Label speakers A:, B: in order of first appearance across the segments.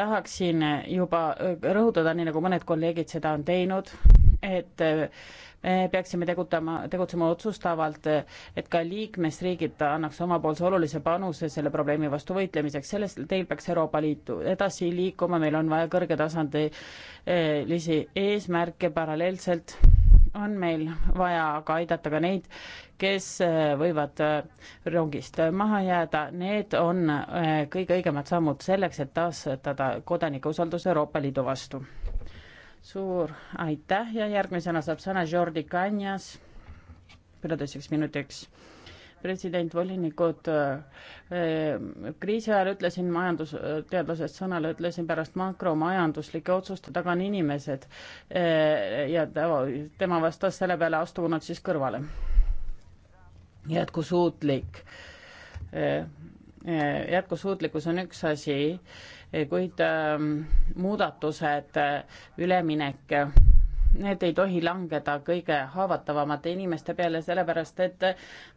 A: tahaksin juba äh, rõhutada, nii nagu mõned kolleegid seda on teinud, et äh, me peaksime tegutama, tegutsema otsustavalt, et ka liikmesriigid annaks omapoolse olulise panuse selle probleemi vastu võitlemiseks, selles teil peaks Euroopa Liitu edasi liikuma, meil on vaja kõrgetasandelisi eesmärke paralleelselt on meil vaja aga aidata ka neid, kes äh, võivad äh, rongist maha jääda, need on äh, kõige õigemad sammud selleks, et taastada kodanike usaldus Euroopa Liidu vastu. suur aitäh ja järgmisena saab sõna Jordi Kanjas pooleteiseks minutiks president, volinikud, äh, kriisi ajal ütlesin majandusteadlasest sõnale, ütlesin pärast makromajanduslike otsuste taga on inimesed äh, ja tema vastas selle peale, astugu nad siis kõrvale. jätkusuutlik, äh, jätkusuutlikkus on üks asi, kuid muudatused, üleminek need ei tohi langeda kõige haavatavamate inimeste peale, sellepärast et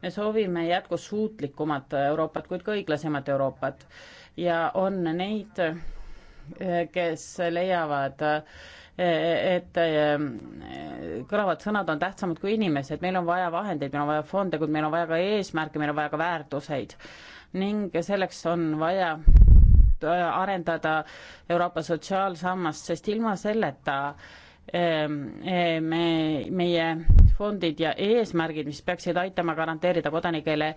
A: me soovime jätkusuutlikumat Euroopat, kuid ka õiglasemat Euroopat. ja on neid, eh, kes leiavad, eh, et eh, kõlavad sõnad on tähtsamad kui inimesed, meil on vaja vahendeid, meil on vaja fonde, kuid meil on vaja ka eesmärke, meil on vaja ka väärtuseid. ning selleks on vaja arendada Euroopa sotsiaalsammast, sest ilma selleta äh, Ehm, eh, me, meie fondid ja eesmärgid, mis peaksid aitama garanteerida kodanikele,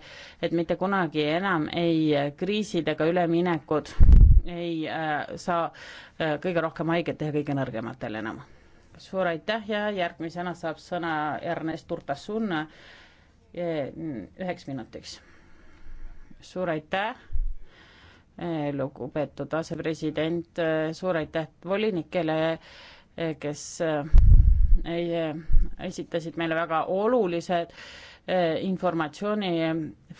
A: et mitte kunagi enam ei eh, kriisid ega üleminekud ei eh, saa kõige rohkem haiget teha kõige nõrgematel enam. suur aitäh ja järgmisena saab sõna Ernest Urtasun üheks minutiks. suur aitäh lugupeetud asepresident, suur aitäh volinikele Eh, kes eh, ei, eh, esitasid meile väga olulised informatsiooni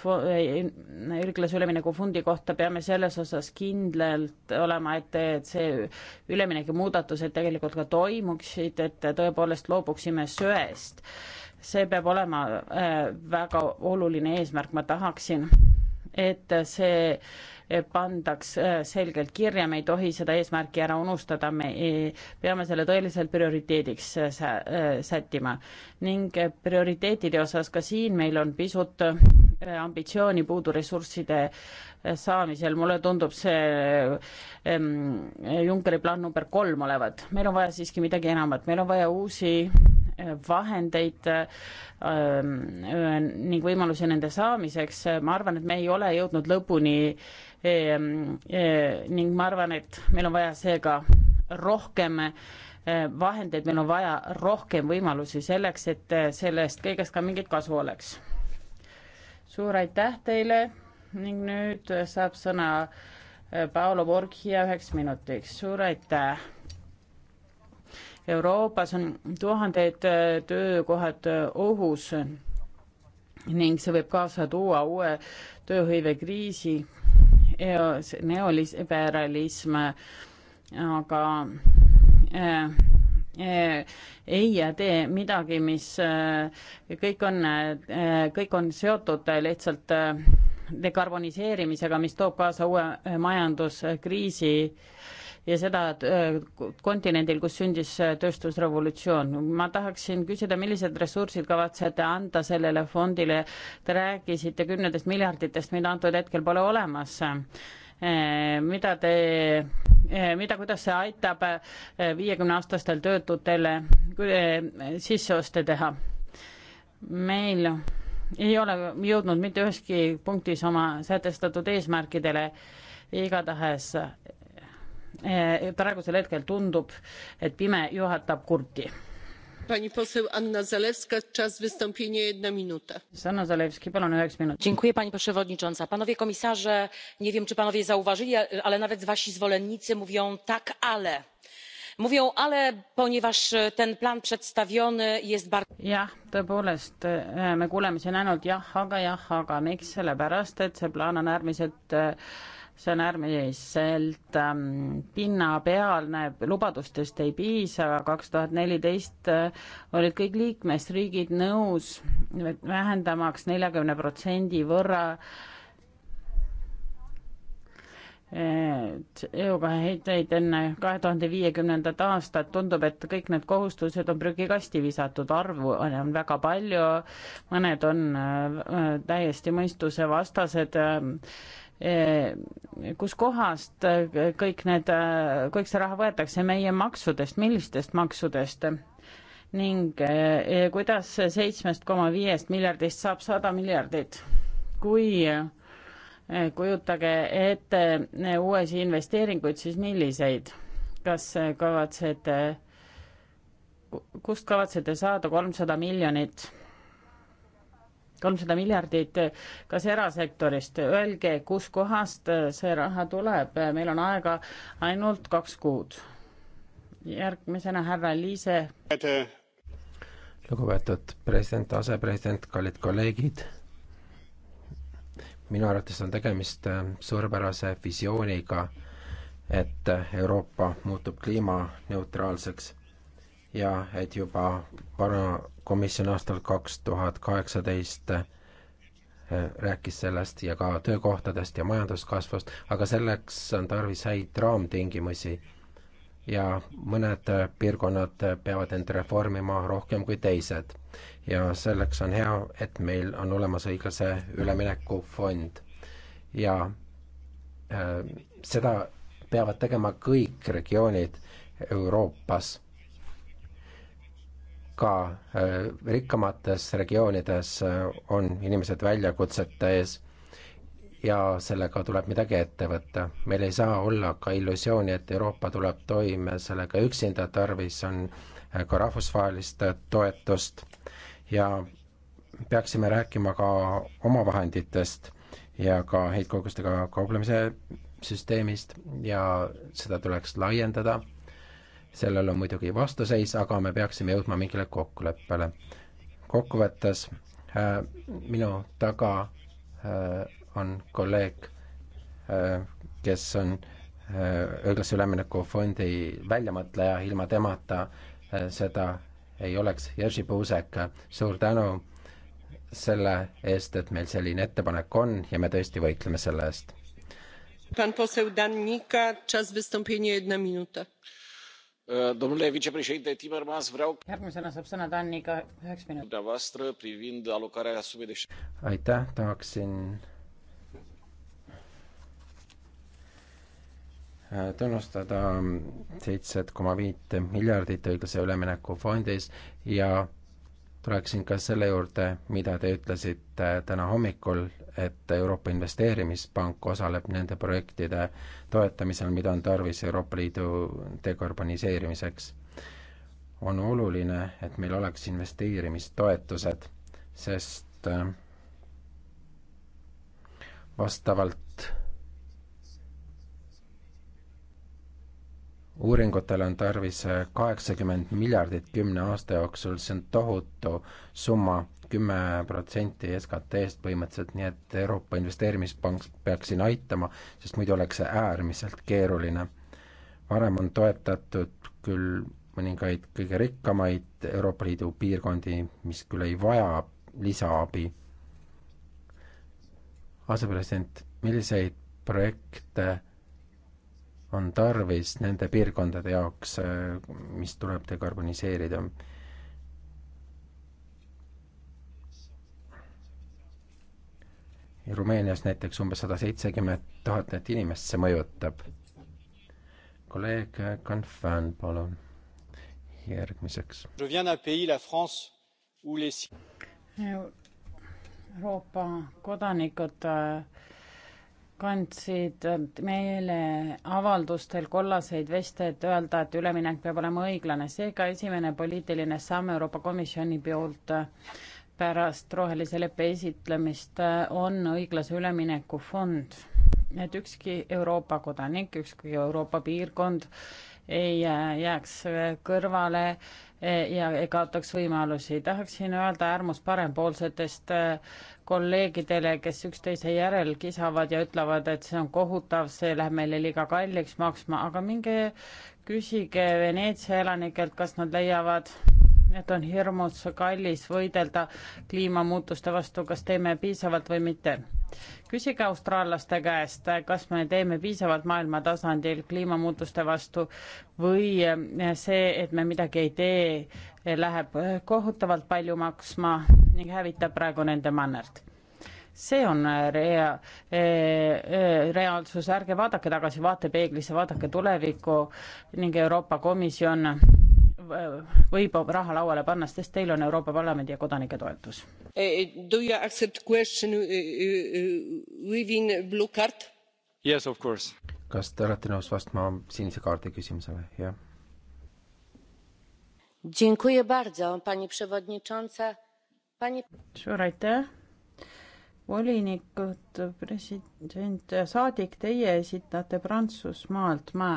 A: õiglase ülemineku fondi kohta peame selles osas kindlalt olema, et, et see ülemineku muudatused tegelikult ka toimuksid, et tõepoolest loobuksime söest. see peab olema väga oluline eesmärk, ma tahaksin et see pandaks äh, selgelt kirja, me ei tohi seda eesmärki ära unustada, me ei, peame selle tõeliselt prioriteediks äh, sä, äh, sättima. ning prioriteetide osas ka siin meil on pisut ambitsiooni puudu ressursside saamisel, mulle tundub see ähm, Junckeri plaan number kolm olevat, meil on vaja siiski midagi enamat, meil on vaja uusi vahendeid ähm, äh, ning võimalusi nende saamiseks, ma arvan, et me ei ole jõudnud lõpuni ähm, äh, ning ma arvan, et meil on vaja seega rohkem äh, vahendeid, meil on vaja rohkem võimalusi selleks, et sellest kõigest ka mingit kasu oleks. suur aitäh teile ning nüüd saab sõna Paolo Borgia üheks minutiks, suur aitäh Euroopas on tuhanded äh, töökohad äh, ohus ning see võib kaasa tuua uue tööhõivekriisi, neoliberalism aga äh, äh, ei tee midagi, mis kõik on, kõik on seotud lihtsalt dekarboniseerimisega, mis toob kaasa uue majanduskriisi ja seda kontinendil, kus sündis tööstusrevolutsioon. ma tahaksin küsida, millised ressursid kavatsete anda sellele fondile? Te rääkisite kümnetest miljarditest, mida antud hetkel pole olemas. mida te, mida, kuidas see aitab viiekümneaastastel töötutele sisseoste teha? meil ei ole jõudnud mitte üheski punktis oma sätestatud eesmärkidele igatahes Eh, praegusel hetkel tundub, et pime juhatab kurti. Pani poseł
B: Anna Zalewska, czas wystąpienia jedna minuta. Anna Zalewski, palun üheks minut. Dziękuję pani przewodnicząca. Panowie komisarze, nie wiem czy panowie zauważyli, ale nawet wasi zwolennicy mówią
A: tak, ale mówią ale ponieważ ten plan przedstawiony jest bardzo. jah tõepoolest eh, me kuuleme siin ainult jah aga jah aga miks sellepärast et see plaan on äärmiselt äh, see on äärmiselt ähm, pinnapealne, lubadustest ei piisa, kaks tuhat neliteist äh, olid kõik liikmesriigid nõus vähendamaks neljakümne protsendi võrra CO2 heiteid enne kahe tuhande viiekümnendat aastat, tundub, et kõik need kohustused on prügikasti visatud, arvu on väga palju, mõned on äh, täiesti mõistusevastased äh, Eh, kuskohast eh, kõik need, eh, kõik see raha võetakse meie maksudest, millistest maksudest ning kuidas seitsmest koma viiest miljardist saab sada miljardit, kui kujutage ette uusi investeeringuid, siis milliseid, kas kavatsete, kust kavatsete saada kolmsada miljonit kolmsada miljardit kas erasektorist, öelge, kuskohast see raha tuleb, meil on aega ainult kaks kuud. järgmisena härra Liise.
C: lugupeetud president, asepresident, kallid kolleegid, minu arvates on tegemist äh, suurepärase visiooniga, et Euroopa muutub kliimaneutraalseks ja et juba vana komisjon aastal kaks tuhat kaheksateist äh, rääkis sellest ja ka töökohtadest ja majanduskasvust, aga selleks on tarvis häid raamtingimusi. ja mõned äh, piirkonnad äh, peavad end reformima rohkem kui teised. ja selleks on hea, et meil on olemas õiglase ülemineku fond. ja äh, seda peavad tegema kõik regioonid Euroopas ka äh, rikkamates regioonides äh, on inimesed väljakutsete ees ja sellega tuleb midagi ette võtta. meil ei saa olla ka illusiooni, et Euroopa tuleb toime sellega üksinda, tarvis on äh, ka rahvusvahelist toetust ja peaksime rääkima ka omavahenditest ja ka heitkogustega kauplemise süsteemist ja seda tuleks laiendada sellel on muidugi vastuseis, aga me peaksime jõudma mingile kokkuleppele. kokkuvõttes äh, minu taga äh, on kolleeg äh,, kes on äh, õiglase ülemineku fondi väljamõtleja, ilma temata äh, seda ei oleks. Jerzy Puusek, suur tänu selle eest, et meil selline ettepanek on ja me tõesti võitleme selle eest.
B: Eh, domnule vicepreședinte
C: timmermans vreau.
A: järgmisena saab sõna Dan Iga üheks minutiks. dumneavoastră privind alocarea sumei de.
C: aitäh, tahaksin eh, tunnustada seitset koma viit miljardit õiglase ülemineku fondis ja tuleksin ka selle juurde, mida te ütlesite täna hommikul, et Euroopa Investeerimispank osaleb nende projektide toetamisel, mida on tarvis Euroopa Liidu dekarboniseerimiseks. on oluline, et meil oleks investeerimistoetused, sest äh, vastavalt uuringutele on tarvis äh, kaheksakümmend miljardit kümne aasta jooksul, see on tohutu summa, kümme protsenti SKT-st põhimõtteliselt, nii et Euroopa Investeerimispank peaks siin aitama, sest muidu oleks see äärmiselt keeruline. varem on toetatud küll mõningaid kõige rikkamaid Euroopa Liidu piirkondi, mis küll ei vaja lisaabi. asepresident, milliseid projekte on tarvis nende piirkondade jaoks, mis tuleb dekarboniseerida. Rumeenias näiteks umbes sada seitsekümmend tuhat inimest see mõjutab. kolleeg Confan, palun, järgmiseks.
A: Euroopa kodanikud äh, kandsid äh, meeleavaldustel kollaseid veste, et öelda, et üleminek peab olema õiglane. seega esimene poliitiline samm Euroopa Komisjoni poolt äh, pärast rohelise leppe esitlemist äh, on õiglase ülemineku fond. et ükski Euroopa kodanik, ükski Euroopa piirkond ei jääks kõrvale e, ja ei kaotaks võimalusi. tahaksin öelda äärmus parempoolsetest e, kolleegidele, kes üksteise järel kisavad ja ütlevad, et see on kohutav, see läheb meile liiga kalliks maksma, aga minge küsige Veneetsia elanikelt, kas nad leiavad, et on hirmus kallis võidelda kliimamuutuste vastu, kas teeme piisavalt või mitte. küsige austraallaste käest, kas me teeme piisavalt maailma tasandil kliimamuutuste vastu või see, et me midagi ei tee, läheb kohutavalt palju maksma ning hävitab praegu nende mannert see on rea-, e-, e-, reaalsus, ärge vaadake tagasi vaatepeeglisse, vaadake tulevikku ning Euroopa Komisjon Äh, võib raha lauale panna, sest teil on Euroopa Parlamendi ja kodanike toetus. E,
C: e, do you accept
A: question e, within blue card?
C: Yes, of course. kas te olete nõus vastama sinise kaardi küsimusele, jah?
B: Dziękuję bardzo, pani przewodnicząca. Pani...
A: Suur aitäh, volinikud, president, saadik, teie esitate Prantsusmaalt, ma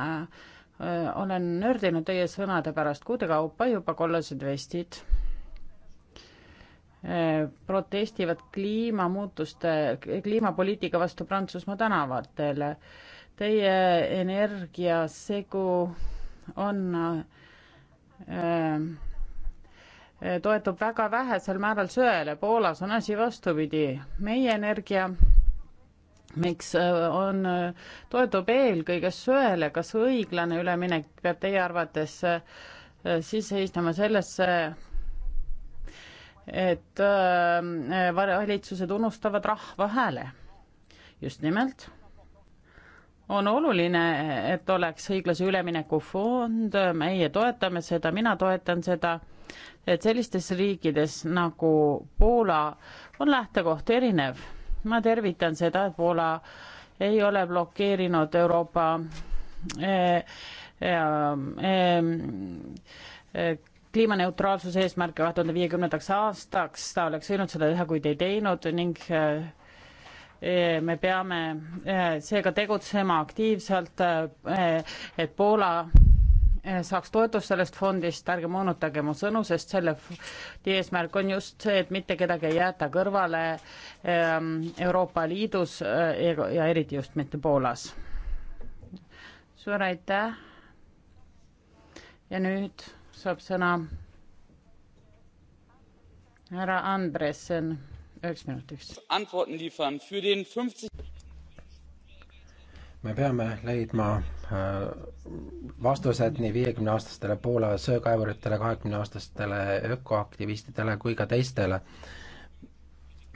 A: Äh, olen nördinud teie sõnade pärast kuude kaupa juba kollased vestid äh, protestivad kliimamuutuste, kliimapoliitika vastu Prantsusmaa tänavatel. Teie energiasegu on äh, toetub väga vähesel määral söele, Poolas on asi vastupidi. meie energia miks äh, on, äh, toetub eelkõige söele, kas õiglane üleminek peab teie arvates äh, sisse istuma sellesse, et valitsused unustavad rahva hääle. just nimelt. on oluline, et oleks õiglase ülemineku fond, meie toetame seda, mina toetan seda, et sellistes riikides nagu Poola on lähtekoht erinev ma tervitan seda, et Poola ei ole blokeerinud Euroopa eh eh, eh, eh, kliimaneutraalsuse eesmärke kahe tuhande viiekümnendaks aastaks, ta oleks võinud seda teha, kuid ei teinud ning eh, me peame seega tegutsema aktiivselt, et Poola Eh, saaks toetust sellest fondist, ärge moonutage mu sõnu, sest selle eesmärk on just see, et mitte kedagi ei jäeta kõrvale ehm, Euroopa Liidus eh, ja eriti just mitte Poolas. suur aitäh. ja nüüd saab sõna härra Andresen, üheks minutiks
C: me peame leidma äh, vastused nii viiekümneaastastele Poola söekaevuritele, kahekümneaastastele ökoaktivistidele kui ka teistele.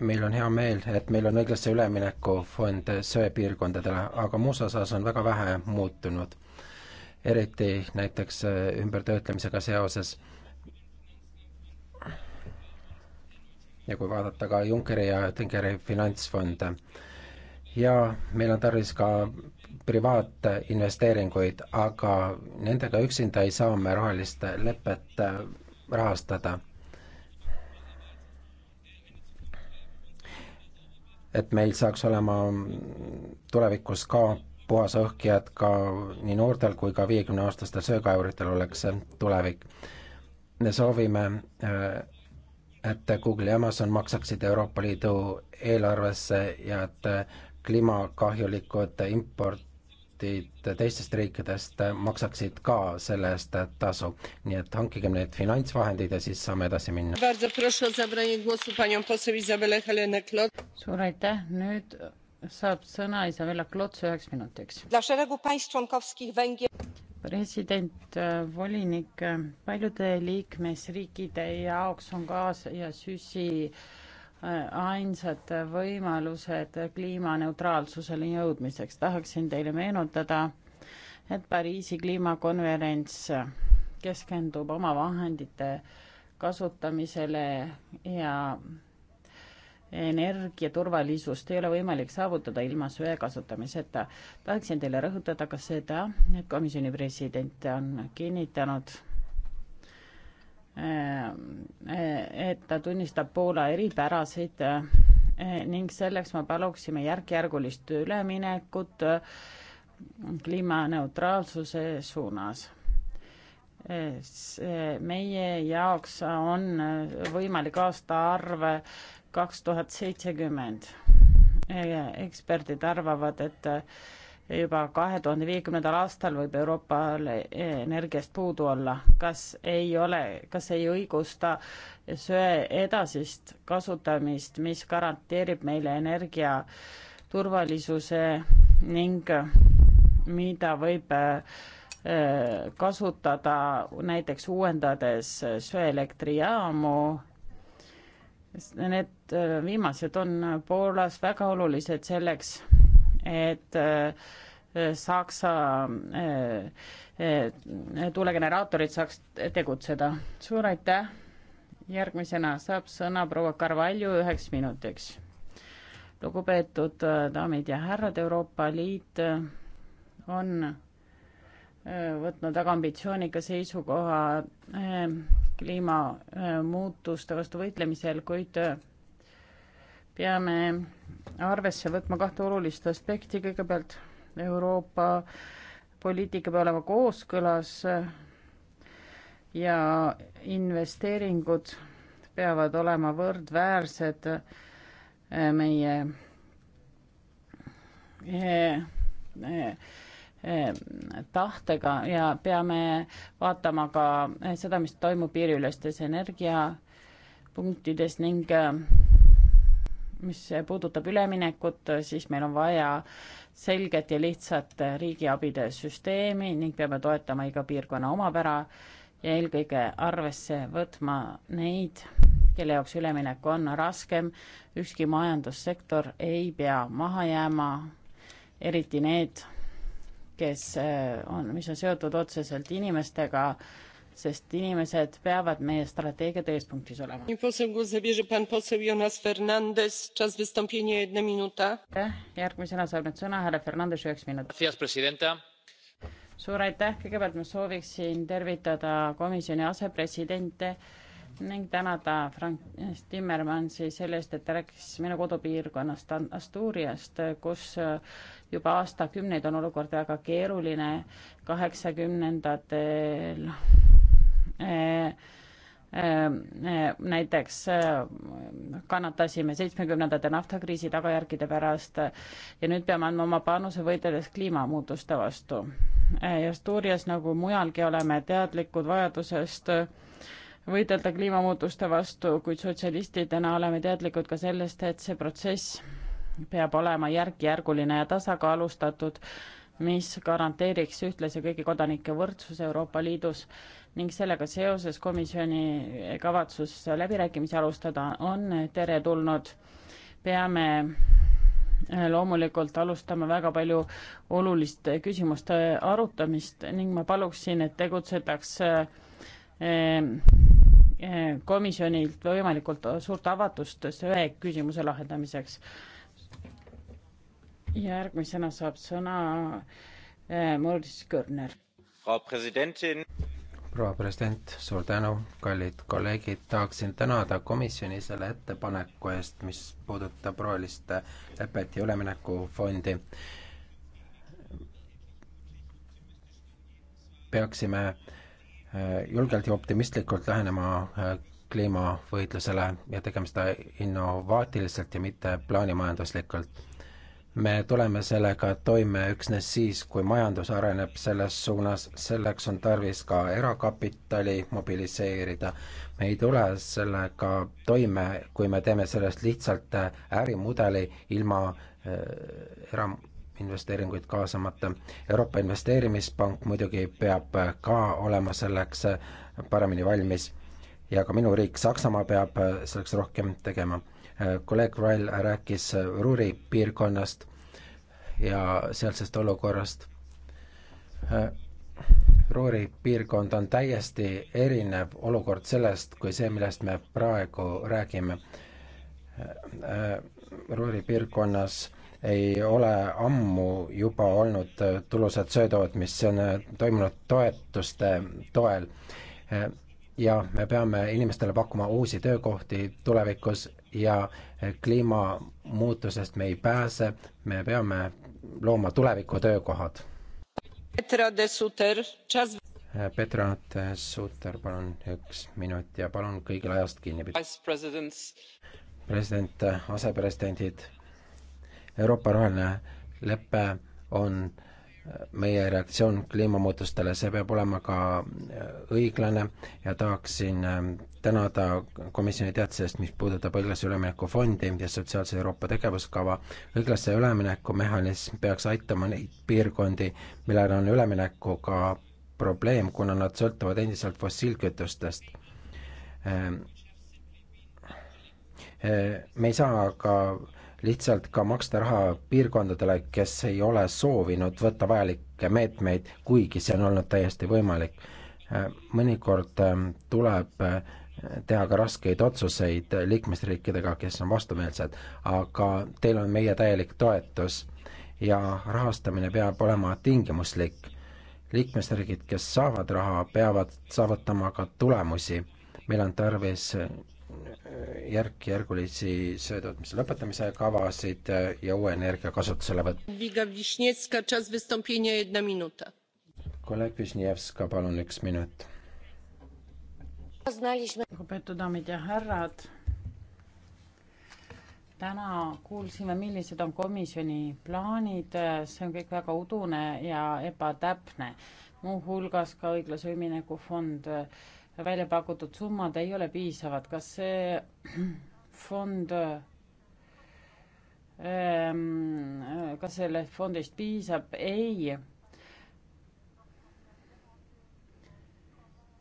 C: meil on hea meel, et meil on õiglase ülemineku fond söepiirkondadele, aga muus osas on väga vähe muutunud. eriti näiteks äh, ümbertöötlemisega seoses ja kui vaadata ka Junckeri ja Oettingeri finantsfonde. ja meil on tarvis ka privaatinvesteeringuid, aga nendega üksinda ei saa me rohelist lepet äh, rahastada. et meil saaks olema tulevikus ka puhas õhk ja et ka nii noortel kui ka viiekümneaastastel söögaeuritel oleks tulevik. me soovime, äh, et Google ja Amazon maksaksid Euroopa Liidu eelarvesse ja et äh, kliimakahjulikud import eksperdid teistest riikidest maksaksid ka selle eest tasu. nii et hankigem need finantsvahendid ja siis saame edasi minna.
A: suur aitäh, nüüd saab sõna Isabella Klots üheks minutiks. president, äh, volinik, äh, paljude liikmesriikide jaoks on gaas ja süsi äh, ainsad võimalused kliimaneutraalsusele jõudmiseks. tahaksin teile meenutada, et Pariisi kliimakonverents keskendub omavahendite kasutamisele ja energiaturvalisust ei ole võimalik saavutada ilma söe kasutamiseta. tahaksin teile rõhutada ka seda, et komisjoni president on kinnitanud Äh, äh, et ta tunnistab Poola eripärasid äh, ning selleks me paluksime järk-järgulist üleminekut kliimaneutraalsuse suunas. meie jaoks on võimalik aastaarv kaks tuhat seitsekümmend. eksperdid arvavad, et juba kahe tuhande viiekümnendal aastal võib Euroopal energiast puudu olla. kas ei ole, kas ei õigusta söe edasist kasutamist, mis garanteerib meile energia turvalisuse ning mida võib äh, kasutada näiteks uuendades söeelektrijaamu. Need äh, viimased on Poolas väga olulised selleks, et äh, Saksa äh, äh, tuulegeneraatorid saaks tegutseda. suur aitäh. järgmisena saab sõna proua Carvalho üheks minutiks. lugupeetud daamid ja härrad, Euroopa Liit on võtnud väga ambitsioonika seisukoha kliimamuutuste vastu võitlemisel, kuid peame arvesse võtma kahte olulist aspekti, kõigepealt Euroopa poliitika peab olema kooskõlas ja investeeringud peavad olema võrdväärsed eh, meie eh, eh, tahtega ja peame vaatama ka seda, mis toimub piiriülestes energiapunktides ning mis puudutab üleminekut, siis meil on vaja selget ja lihtsat riigiabide süsteemi ning peame toetama iga piirkonna omapära ja eelkõige arvesse võtma neid, kelle jaoks üleminek on raskem. ükski majandussektor ei pea maha jääma, eriti need, kes eh, on, mis on seotud otseselt inimestega sest inimesed peavad meie strateegiate eespunktis olema. aitäh, järgmisena saab nüüd sõna härra Fernandes üheks minutiks suur aitäh, kõigepealt ma sooviksin tervitada komisjoni asepresidente ning tänada Frank Timmermansi selle eest, et ta rääkis minu kodupiirkonnast Asturiast, kus juba aastakümneid on olukord väga keeruline, kaheksakümnendatel Äh, äh, äh, näiteks kannatasime seitsmekümnendate naftakriisi tagajärgide pärast ja nüüd peame andma oma panuse võideldes kliimamuutuste vastu. Asturias nagu mujalgi oleme teadlikud vajadusest võidelda kliimamuutuste vastu, kuid sotsialistidena oleme teadlikud ka sellest, et see protsess peab olema järk-järguline ja tasakaalustatud mis garanteeriks ühtlase kõigi kodanike võrdsuse Euroopa Liidus ning sellega seoses komisjoni kavatsus läbirääkimisi alustada on teretulnud. peame äh, loomulikult alustama väga palju oluliste küsimuste arutamist ning ma paluksin, et tegutsetaks äh, äh, komisjonilt võimalikult suurt avatust selle küsimuse lahendamiseks järgmisena saab sõna eh, äh, Maurice Körner.
C: proua president, suur tänu, kallid kolleegid, tahaksin tänada komisjoni selle ettepaneku eest, mis puudutab roheliste lepet ja üleminekufondi. peaksime äh, julgelt ja optimistlikult lähenema äh, kliimavõitlusele ja tegema seda innovaatiliselt ja mitte plaanimajanduslikult me tuleme sellega toime üksnes siis, kui majandus areneb selles suunas, selleks on tarvis ka erakapitali mobiliseerida. me ei tule sellega toime, kui me teeme sellest lihtsalt äh, ärimudeli ilma äh, erainvesteeringuid kaasamata. Euroopa Investeerimispank muidugi peab äh, ka olema selleks äh, paremini valmis ja ka minu riik Saksamaa peab selleks rohkem tegema kolleeg Rail rääkis Ruhri piirkonnast ja sealsest olukorrast. Ruhri piirkond on täiesti erinev olukord sellest, kui see, millest me praegu räägime. Ruhri piirkonnas ei ole ammu juba olnud tulusat söödaotmist, see on toimunud toetuste toel. ja me peame inimestele pakkuma uusi töökohti tulevikus ja kliimamuutusest me ei pääse, me peame looma tuleviku töökohad.
B: Petra de Suter, just...
C: Petra de Suter, palun üks minut ja palun kõigil ajast kinni pidada. president, asepresidendid, Euroopa roheline lepe on äh, meie reaktsioon kliimamuutustele, see peab olema ka äh, õiglane ja tahaksin ähm, tänada komisjoni teatise eest, mis puudutab õiglase ülemineku fondi ja sotsiaalse Euroopa tegevuskava. õiglase ülemineku mehhanism peaks aitama neid piirkondi, millel on üleminekuga probleem, kuna nad sõltuvad endiselt fossiilkütustest ähm, äh, me ei saa aga lihtsalt ka maksta raha piirkondadele, kes ei ole soovinud võtta vajalikke meetmeid, kuigi see on olnud täiesti võimalik. Äh, mõnikord ähm, tuleb äh, teha ka raskeid otsuseid liikmesriikidega, kes on vastumeelsed, aga teil on meie täielik toetus ja rahastamine peab olema tingimuslik. liikmesriigid, kes saavad raha, peavad saavutama ka tulemusi. meil on tarvis äh, järk-järgulisi söödaotmise lõpetamise kavasid ja uue energia kasutuselevõtt. kolleeg Višnjevska, palun üks minut.
A: lugupeetud daamid ja härrad, täna kuulsime, millised on komisjoni plaanid, see on kõik väga udune ja ebatäpne, muuhulgas ka õiglase ülemineku fond välja pakutud summad ei ole piisavad, kas see fond, ähm, kas sellest fondist piisab, ei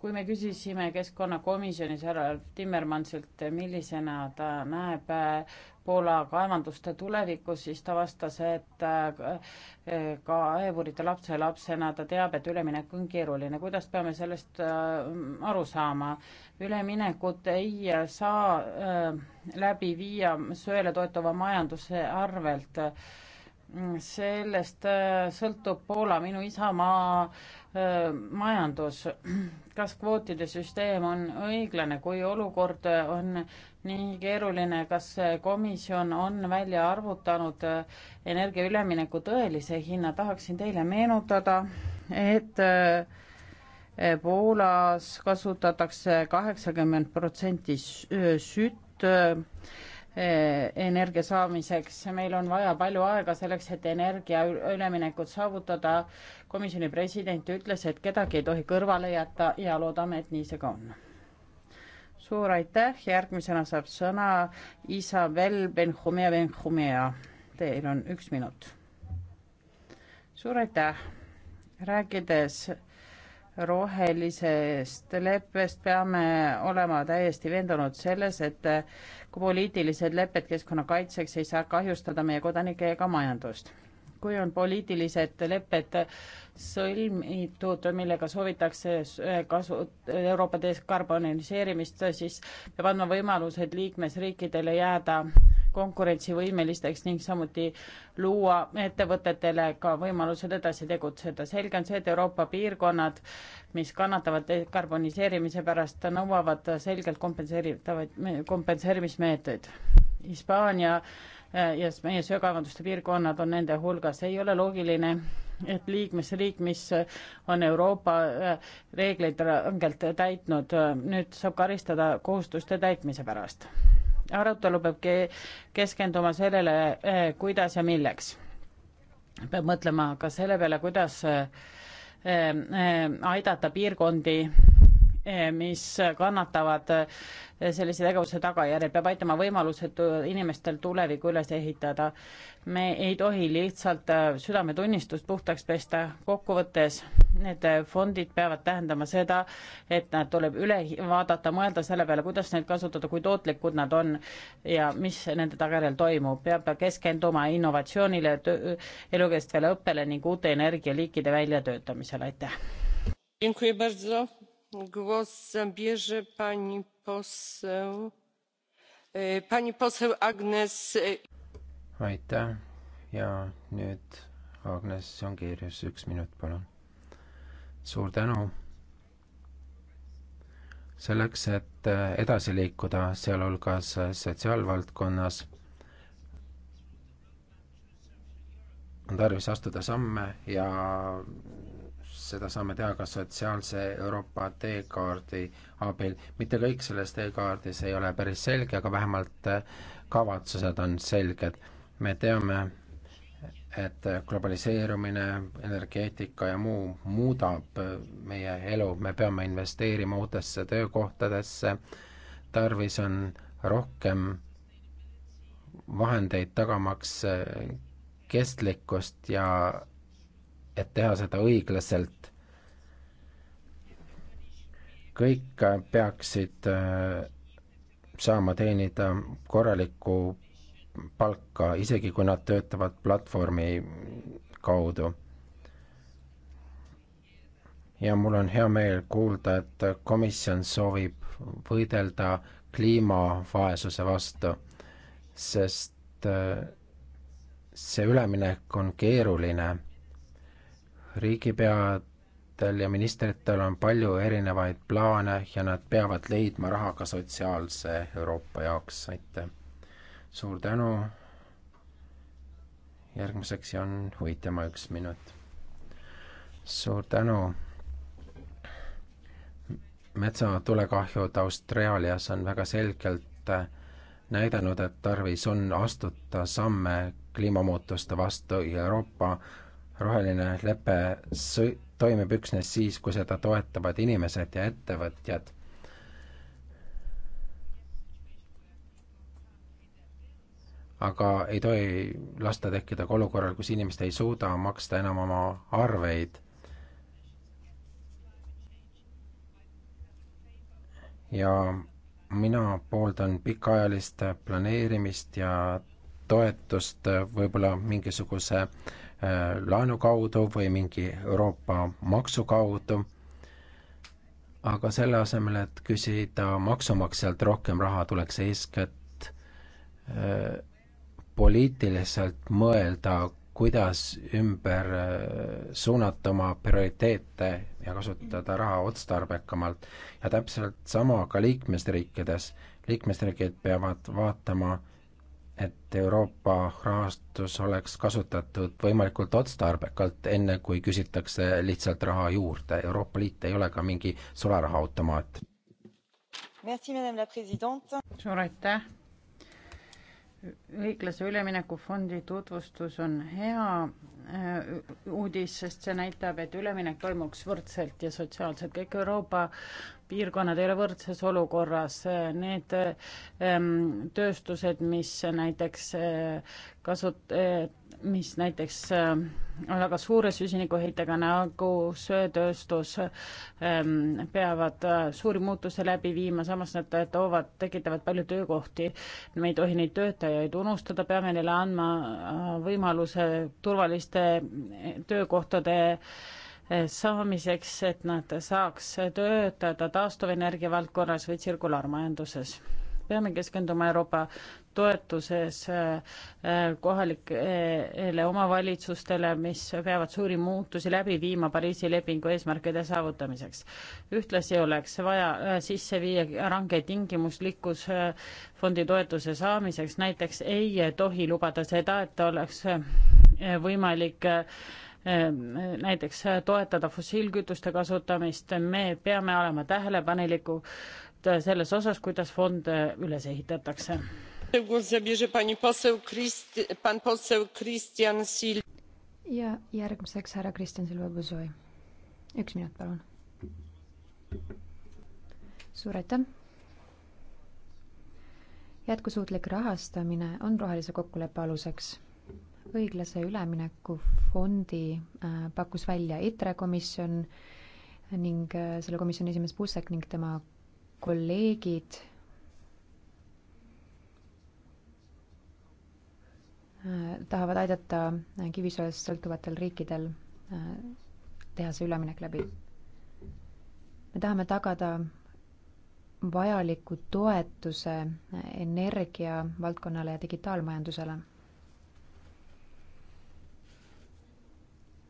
A: kui me küsisime keskkonnakomisjonis härra Timmermansilt, millisena ta näeb äh, Poola kaevanduste tulevikus, siis ta vastas, et äh, äh, kaevurite lapselapsena ta teab, et üleminek on keeruline. kuidas peame sellest aru saama? üleminekut ei saa läbi viia söele toetuva majanduse arvelt sellest sõltub Poola, minu isamaa majandus. kas kvootide süsteem on õiglane, kui olukord on nii keeruline, kas komisjon on välja arvutanud energia ülemineku tõelise hinna, tahaksin teile meenutada, et Poolas kasutatakse kaheksakümmend protsenti sütt Eh, energia saamiseks. meil on vaja palju aega selleks, et energia üleminekut saavutada. komisjoni president ütles, et kedagi ei tohi kõrvale jätta ja loodame, et nii see ka on. suur aitäh, järgmisena saab sõna Isabel Benhumea Benhumea. Teil on üks minut. suur aitäh, rääkides rohelisest leppest peame olema täiesti veendunud selles, et poliitilised lepped keskkonna kaitseks ei saa kahjustada meie kodanikke ega majandust. kui on poliitilised lepped sõlmitud, millega soovitakse kasu, Euroopa dekarboniseerimist, siis peab andma võimalused liikmesriikidele jääda konkurentsivõimelisteks ning samuti luua ettevõtetele ka võimalused edasi tegutseda. selge on see, et Euroopa piirkonnad, mis kannatavad dekarboniseerimise pärast, nõuavad selgelt kompenseeritavaid, kompenseerimismeetmeid. Hispaania äh, ja meie söekaevanduste piirkonnad on nende hulgas, ei ole loogiline, et liikmesriik, mis on Euroopa äh, reegleid rangelt täitnud, äh, nüüd saab karistada kohustuste täitmise pärast arutelu peab ke-, keskenduma sellele, eh, kuidas ja milleks. peab mõtlema ka selle peale, kuidas eh, eh, aidata piirkondi Eh, mis kannatavad eh, sellise tegevuse tagajärjel, peab aitama võimalused eh, inimestel tulevikku üles ehitada. me ei tohi lihtsalt südametunnistust puhtaks pesta, kokkuvõttes need fondid peavad tähendama seda, et nad tuleb üle vaadata, mõelda selle peale, kuidas neid kasutada, kui tootlikud nad on ja mis nende tagajärjel toimub, peab keskenduma innovatsioonile, elukestvale õppele ning uute energialiikide väljatöötamisele, aitäh!
B: głos zabierze pani poseł e, pani poseł Agnes. E,
C: aitäh ja nüüd Agnes Jongerius, üks minut, palun. suur tänu. selleks, et e, edasi liikuda, sealhulgas sotsiaalvaldkonnas, on tarvis astuda samme ja seda saame teha ka sotsiaalse Euroopa teekaardi abil. mitte kõik selles teekaardis ei ole päris selge, aga vähemalt äh, kavatsused on selged. me teame, et globaliseerumine, energeetika ja muu muudab äh, meie elu, me peame investeerima uutesse töökohtadesse, tarvis on rohkem vahendeid tagamaks äh, kestlikkust ja et teha seda õiglaselt. kõik peaksid äh, saama teenida korralikku palka, isegi kui nad töötavad platvormi kaudu. ja mul on hea meel kuulda, et komisjon soovib võidelda kliimavaesuse vastu, sest äh, see üleminek on keeruline riigipeadel ja ministritel on palju erinevaid plaane ja nad peavad leidma raha ka sotsiaalse Euroopa jaoks, aitäh. suur tänu, järgmiseks Jan Huitema üks minut. suur tänu metsatulekahjud Austraalias on väga selgelt äh, näidanud, et tarvis on astuda samme kliimamuutuste vastu ja Euroopa roheline lepe sõ-, toimib üksnes siis, kui seda toetavad inimesed ja ettevõtjad. aga ei tohi lasta tekkida ka olukorral, kus inimesed ei suuda maksta enam oma arveid. ja mina pooldan pikaajalist planeerimist ja toetust võib-olla mingisuguse äh, Äh, laenu kaudu või mingi Euroopa maksu kaudu, aga selle asemel, et küsida maksumaksjalt rohkem raha, tuleks eeskätt äh, poliitiliselt mõelda, kuidas ümber äh, suunata oma prioriteete ja kasutada raha otstarbekamalt. ja täpselt sama ka liikmesriikides, liikmesriigid peavad vaatama, et Euroopa rahastus oleks kasutatud võimalikult otstarbekalt, enne kui küsitakse lihtsalt raha juurde. Euroopa Liit ei ole ka mingi sularahaautomaat.
A: suur aitäh! õiglase ülemineku fondi tutvustus on hea äh, uudis, sest see näitab, et üleminek toimuks võrdselt ja sotsiaalselt. kõik Euroopa piirkonnad ei ole võrdses olukorras, need ehm, tööstused, mis näiteks eh, kasut-, eh, mis näiteks eh, on väga suure süsinikuheitega, nagu söetööstus, ehm, peavad suuri muutuse läbi viima, samas nad toovad, tekitavad palju töökohti. me ei tohi neid töötajaid unustada, peame neile andma võimaluse turvaliste töökohtade Eh, saamiseks, et nad saaks töötada taastuvenergia valdkonnas või tsirkulaarmajanduses. peame keskenduma Euroopa toetuses eh, kohalikele omavalitsustele, mis peavad suuri muutusi läbi viima Pariisi lepingu eesmärkide saavutamiseks. ühtlasi oleks vaja eh, sisse viia range tingimuslikkus fondi toetuse saamiseks, näiteks ei tohi lubada seda, et oleks võimalik Ehm, näiteks äh, toetada fossiilkütuste kasutamist, me peame olema tähelepanelikud äh, selles osas, kuidas fond üles ehitatakse.
D: ja järgmiseks härra Kristjan Silva Pusoi. üks minut, palun. suur aitäh jätkusuutlik rahastamine on rohelise kokkuleppe aluseks õiglase ülemineku fondi äh, pakkus välja ITRE komisjon ning äh, selle komisjoni esimees Pussek ning tema kolleegid äh, tahavad aidata kivisöest sõltuvatel riikidel teha see üleminek läbi. me tahame tagada vajaliku toetuse energia valdkonnale ja digitaalmajandusele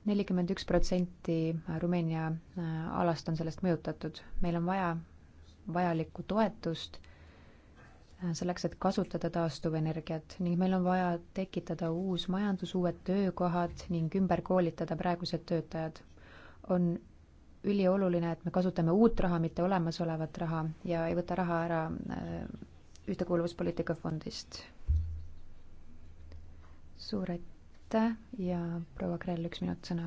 D: nelikümmend üks protsenti Rumeenia äh, alast on sellest mõjutatud. meil on vaja vajalikku toetust äh, selleks, et kasutada taastuvenergiat ning meil on vaja tekitada uus majandus, uued töökohad ning ümber koolitada praegused töötajad. on ülioluline, et me kasutame uut raha, mitte olemasolevat raha ja ei võta raha ära äh, ühtekuuluvuspoliitika fondist. suur aitäh! aitäh ja proua Krell, üks minut sõna.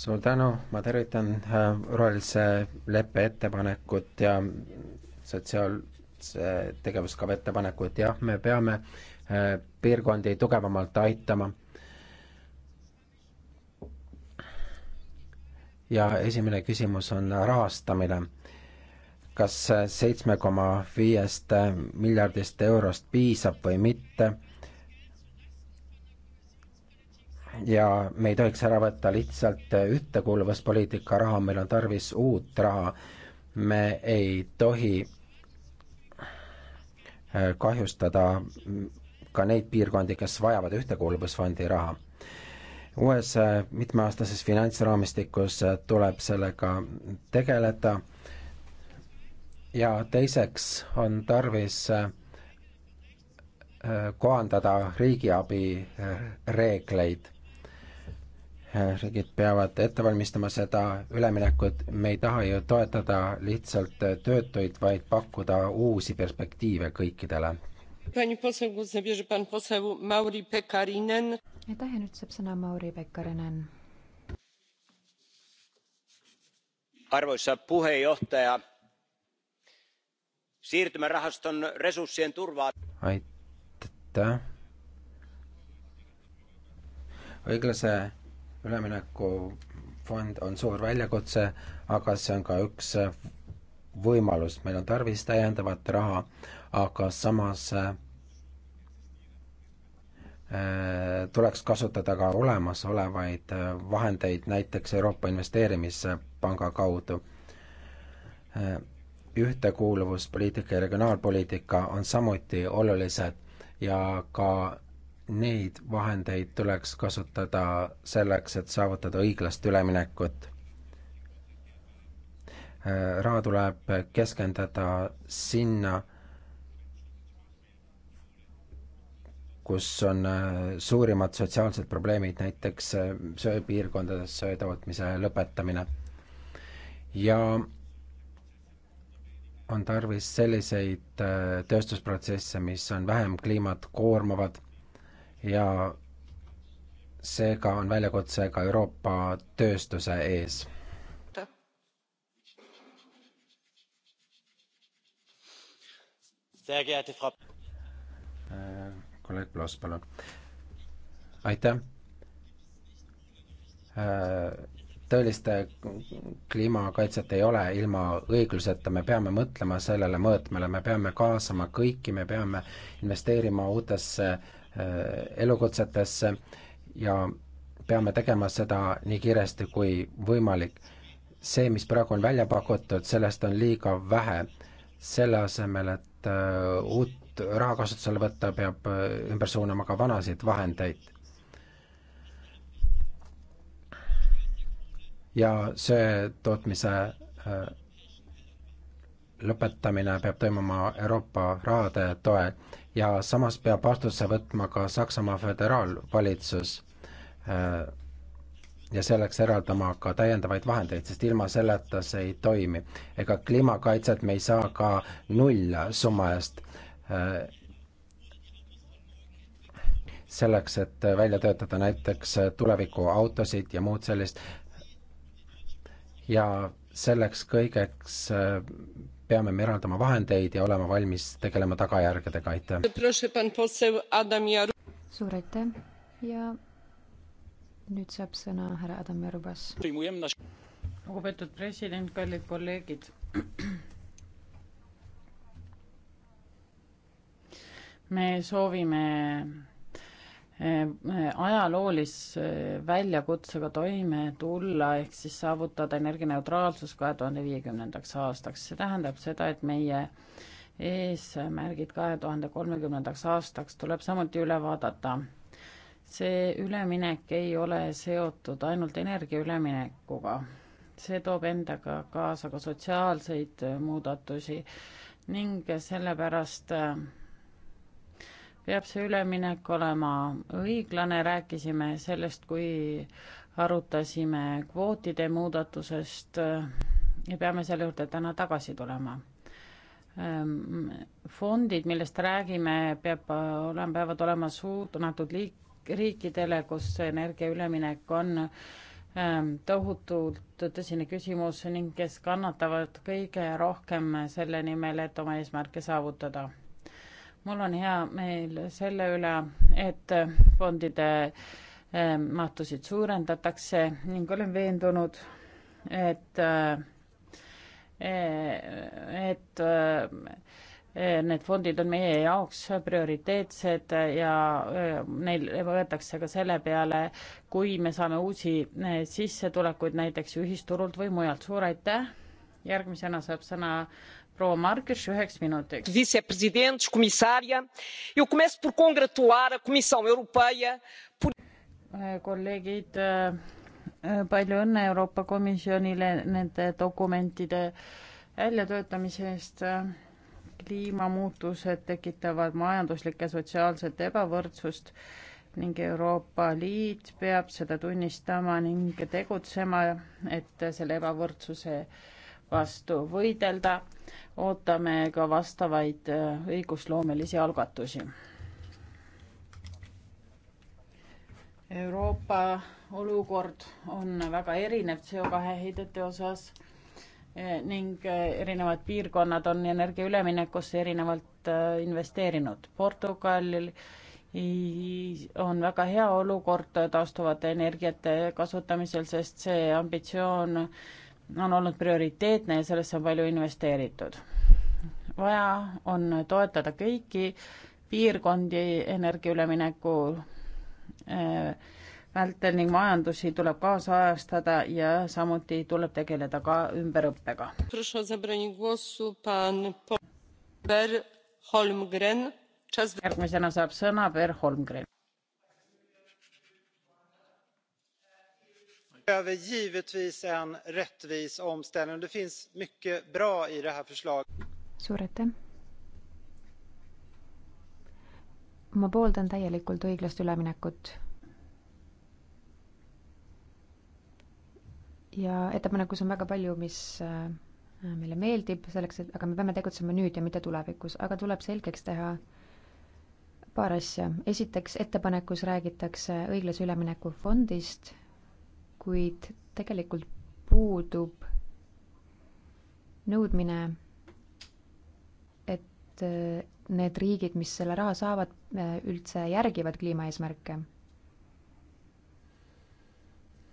C: suur tänu, ma tervitan äh, rohelise leppe ettepanekut ja sotsiaalse tegevuskava ettepanekut, jah, me peame äh, piirkondi tugevamalt aitama. ja esimene küsimus on rahastamine kas seitsme koma viiest miljardist eurost piisab või mitte, ja me ei tohiks ära võtta lihtsalt ühtekuuluvuspoliitika raha, meil on tarvis uut raha. me ei tohi äh, kahjustada ka neid piirkondi, kes vajavad ühtekuuluvusfondi raha. uues äh, mitmeaastases finantsraamistikus äh, tuleb sellega tegeleda ja teiseks on tarvis kohandada riigiabi reegleid riigid peavad ette valmistama seda üleminekut, me ei taha ju toetada lihtsalt töötuid, vaid pakkuda uusi perspektiive kõikidele.
B: aitäh ja
D: nüüd saab sõna Mauri Pekkarinen.
B: arvoisa puheenjohtaja, siirtymerahaston resurssien turva.
C: aitäh. õiglase üleminekufond on suur väljakutse, aga see on ka üks võimalus, meil on tarvis täiendavat raha, aga samas äh, tuleks kasutada ka olemasolevaid äh, vahendeid, näiteks Euroopa Investeerimispanga kaudu äh,. ühtekuuluvuspoliitika ja regionaalpoliitika on samuti olulised ja ka neid vahendeid tuleks kasutada selleks, et saavutada õiglast üleminekut. Äh, raha tuleb keskenduda sinna, kus on äh, suurimad sotsiaalsed probleemid, näiteks äh, söepiirkondades söödavootmise lõpetamine. ja on tarvis selliseid tööstusprotsesse, mis on vähem kliimat koormavad ja seega on väljakutse ka Euroopa tööstuse ees. Äh, kolleeg Bloss, palun. aitäh äh, tõelist kliimakaitset ei ole ilma õigluseta, me peame mõtlema sellele mõõtmele, me peame kaasama kõiki, me peame investeerima uutesse Äh, elukutsetesse ja peame tegema seda nii kiiresti kui võimalik. see, mis praegu on välja pakutud, sellest on liiga vähe. selle asemel, et äh, uut raha kasutusele võtta, peab äh, ümber suunama ka vanasid vahendeid. ja söetootmise lõpetamine peab toimuma Euroopa rahade toel ja samas peab vastutuse võtma ka Saksamaa föderaalvalitsus äh, ja selleks eraldama ka täiendavaid vahendeid, sest ilma selleta see ei toimi. ega kliimakaitset me ei saa ka nullsumma eest. Äh, selleks, et välja töötada näiteks tulevikuautosid ja muud sellist ja selleks kõigeks äh, peame me eraldama vahendeid ja olema valmis tegelema tagajärgedega, aitäh!
B: suur aitäh
D: ja nüüd saab sõna härra Adam Järubas.
A: lugupeetud president, kallid kolleegid. me soovime ajaloolise eh, väljakutsega toime tulla, ehk siis saavutada energianeutraalsus kahe tuhande viiekümnendaks aastaks. see tähendab seda, et meie eesmärgid kahe tuhande kolmekümnendaks aastaks tuleb samuti üle vaadata. see üleminek ei ole seotud ainult energia üleminekuga. see toob endaga kaasa ka sotsiaalseid muudatusi ning sellepärast eh, peab see üleminek olema õiglane, rääkisime sellest, kui arutasime kvootide muudatusest ja peame selle juurde täna tagasi tulema. Ehm, fondid, millest räägime, peab olema, peavad olema suunatud liik-, riikidele, kus energia üleminek on ehm, tohutult tõsine küsimus ning kes kannatavad kõige rohkem selle nimel, et oma eesmärke saavutada mul on hea meel selle üle, et fondide ähm, mahtusid suurendatakse ning olen veendunud, et, äh, e-, et äh, e-, need fondid on meie jaoks prioriteetsed ja äh, neil võetakse ka selle peale, kui me saame uusi e-, sissetulekuid näiteks ühisturult või mujalt. suur aitäh! järgmisena saab sõna proua Markes üheks minutiks. vicepresident, komissarja, eu começo por congratular a Comissão Europeia por.... Eh, kolleegid, eh, eh, palju õnne Euroopa Komisjonile nende dokumentide väljatöötamise eest. kliimamuutused tekitavad majanduslikku ja sotsiaalset ebavõrdsust ning Euroopa Liit peab seda tunnistama ning tegutsema, et selle ebavõrdsuse vastu võidelda. ootame ka vastavaid äh, õigusloomelisi algatusi. Euroopa olukord on väga erinev CO2 heidete osas äh, ning äh, erinevad piirkonnad on energia üleminekusse erinevalt investeerinud. Portugalil on väga hea olukord taastuvate energiate kasutamisel, sest see ambitsioon äh, on olnud prioriteetne ja sellesse on palju investeeritud. vaja on toetada kõiki piirkondi energiaülemineku eh, vältel ning majandusi tuleb kaasajastada ja samuti tuleb tegeleda ka ümberõppega. järgmisena saab sõna Per Holmgren
C: herr talman! behöver givetvis en rättvis omställning. Det finns mycket bra i det här förslaget.
D: suur aitäh! ma pooldan täielikult õiglast üleminekut. ja ettepanekus on väga palju, mis äh, meile meeldib selleks, et aga me peame tegutsema nüüd ja mitte tulevikus, aga tuleb selgeks teha paar asja. esiteks, ettepanekus räägitakse õiglase ülemineku fondist kuid tegelikult puudub nõudmine, et äh, need riigid, mis selle raha saavad, äh, üldse järgivad kliimaeesmärke.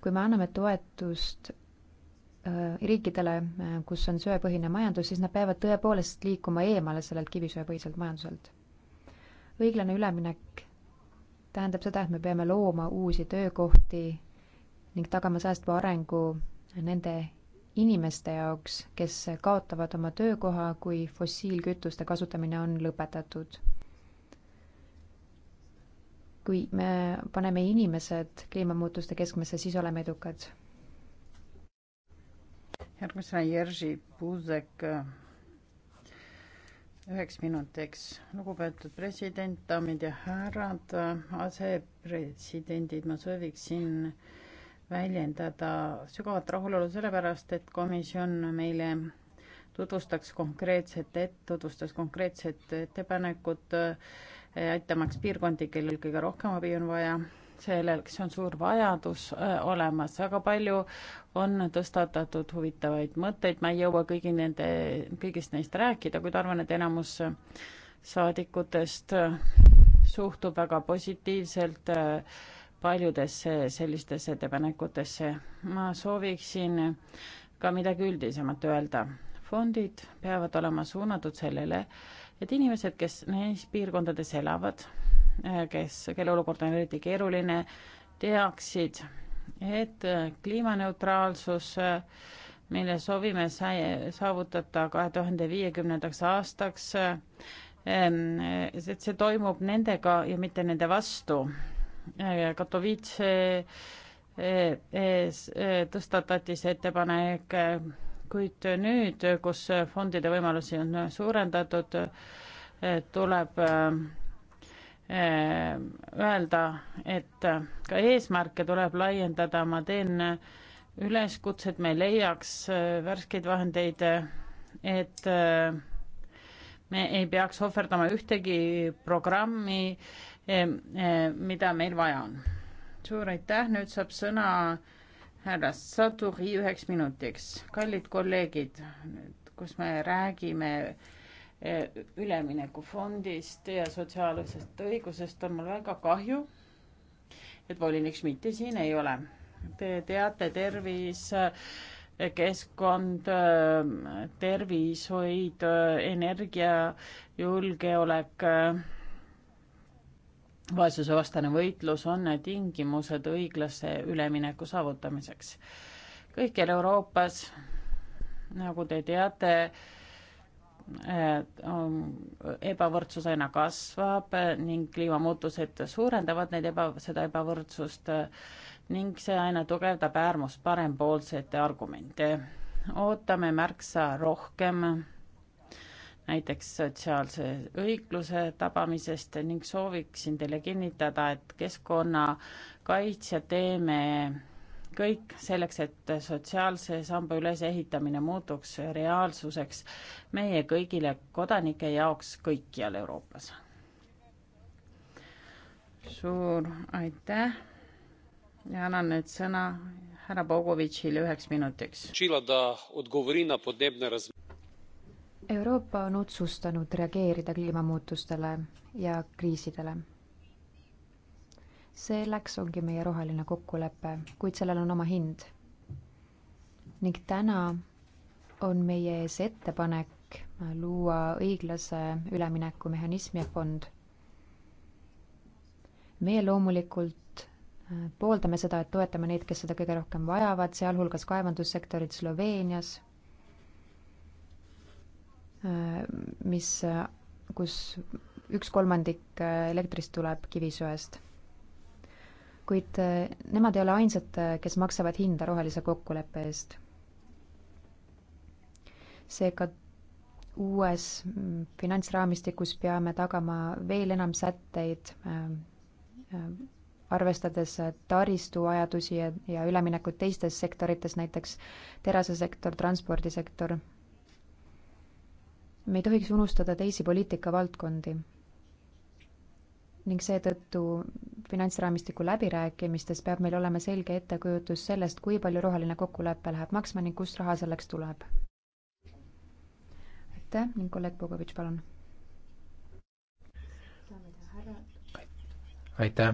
D: kui me anname toetust äh, riikidele, kus on söepõhine majandus, siis nad peavad tõepoolest liikuma eemale sellelt kivisöepõhiselt majanduselt. õiglane üleminek tähendab seda, et me peame looma uusi töökohti ning tagama säästva arengu nende inimeste jaoks, kes kaotavad oma töökoha, kui fossiilkütuste kasutamine on lõpetatud kui me paneme inimesed kliimamuutuste keskmesse, siis oleme edukad.
A: järgmisena Jerzy Buzek üheks minutiks. lugupeetud president, daamid ja härrad, asepresidendid, ma sooviksin äh, väljendada sügavat rahulolu sellepärast, et komisjon meile tutvustaks konkreetset, tutvustas konkreetset ettepanekut eh, aitamaks piirkondi, kellel kõige rohkem abi on vaja, selleks on suur vajadus eh, olemas, väga palju on tõstatatud huvitavaid mõtteid, ma ei jõua kõigi nende, kõigist neist rääkida, kuid arvan, et enamus saadikutest eh, suhtub väga positiivselt äh, paljudesse eh, sellistesse ettepanekutesse. ma sooviksin ka midagi üldisemat öelda. fondid peavad olema suunatud sellele, et inimesed, kes neis piirkondades elavad, eh, kes, kelle olukord on eriti keeruline, teaksid, et eh, kliimaneutraalsus, mille soovime saavutada kahe tuhande viiekümnendaks aastaks, et see toimub nendega ja mitte nende vastu Äh, Katowice äh, ees äh, tõstatati see ettepanek, kuid nüüd, kus fondide võimalusi on suurendatud, tuleb öelda, et ka eesmärke tuleb laiendada, ma teen üleskutse, et me leiaks värskeid vahendeid, et me ei peaks ohverdama ühtegi programmi äh, Eh, mida meil vaja on. suur aitäh, nüüd saab sõna härra Saturi üheks minutiks. kallid kolleegid, kus me räägime eh, üleminekufondist ja sotsiaalsest õigusest, on mul väga kahju, et volinik Schmidti siin ei ole. Te teate, tervis, eh, keskkond, tervishoid, energia, julgeolek vaesusevastane võitlus on tingimused õiglase ülemineku saavutamiseks. kõikjal Euroopas, nagu te teate, um, ebavõrdsus aina kasvab ning kliimamuutused suurendavad neid eba, seda ebavõrdsust ning see aina tugevdab äärmus parempoolsete argumente. ootame märksa rohkem näiteks sotsiaalse õigluse tabamisest ning sooviksin teile kinnitada, et keskkonnakaitsja teeme kõik selleks, et sotsiaalse samba ülesehitamine muutuks reaalsuseks meie kõigile kodanike jaoks kõikjal Euroopas. suur aitäh ja annan nüüd sõna härra Bogovitšile üheks minutiks
D: Euroopa on otsustanud reageerida kliimamuutustele ja kriisidele. selleks ongi meie roheline kokkulepe, kuid sellel on oma hind. ning täna on meie ees ettepanek luua õiglase ülemineku mehhanism ja fond. meie loomulikult äh, pooldame seda, et toetame neid, kes seda kõige rohkem vajavad, sealhulgas kaevandussektorid Sloveenias Äh, mis, äh, kus üks kolmandik äh, elektrist tuleb kivisöest. kuid nemad ei ole ainsad, kes maksavad hinda rohelise kokkuleppe eest. seega uues mm, finantsraamistikus peame tagama veel enam sätteid, arvestades taristuvajadusi ja, ja üleminekut teistes sektorites, näiteks terasesektor, transpordisektor me ei tohiks unustada teisi poliitikavaldkondi. ning seetõttu finantsraamistiku läbirääkimistes peab meil olema selge ettekujutus sellest, kui palju roheline kokkulepe läheb maksma ning kust raha selleks tuleb. aitäh ning kolleeg Bogovitš, palun.
C: aitäh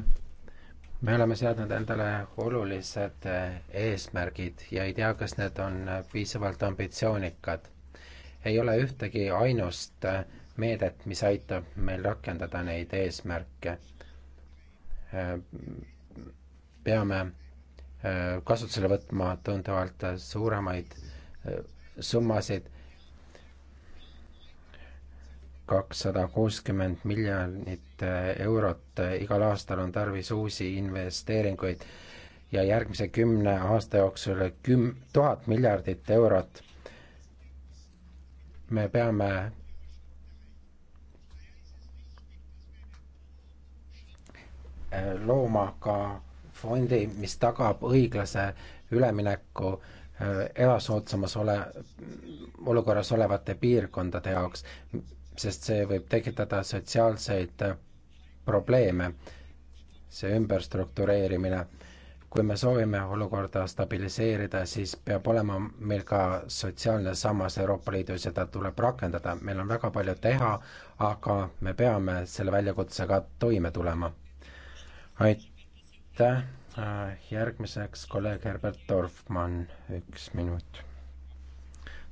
C: me oleme seadnud endale olulised eh, eesmärgid ja ei tea, kas need on eh, piisavalt ambitsioonikad ei ole ühtegi ainust äh, meedet, mis aitab meil rakendada neid eesmärke. Äh, peame äh, kasutusele võtma tunduvalt suuremaid summasid, kakssada kuuskümmend miljonit eurot igal aastal on tarvis uusi investeeringuid ja järgmise kümne aasta jooksul küm-, tuhat miljardit eurot me peame looma ka fondi, mis tagab õiglase ülemineku äh, ebasoodsamas ole, olukorras olevate piirkondade jaoks, sest see võib tekitada sotsiaalseid äh, probleeme, see ümberstruktureerimine kui me soovime olukorda stabiliseerida, siis peab olema meil ka sotsiaalne sammas Euroopa Liidu, seda tuleb rakendada, meil on väga palju teha, aga me peame selle väljakutsega toime tulema. aitäh, järgmiseks kolleeg Herbert Dorfmann, üks minut.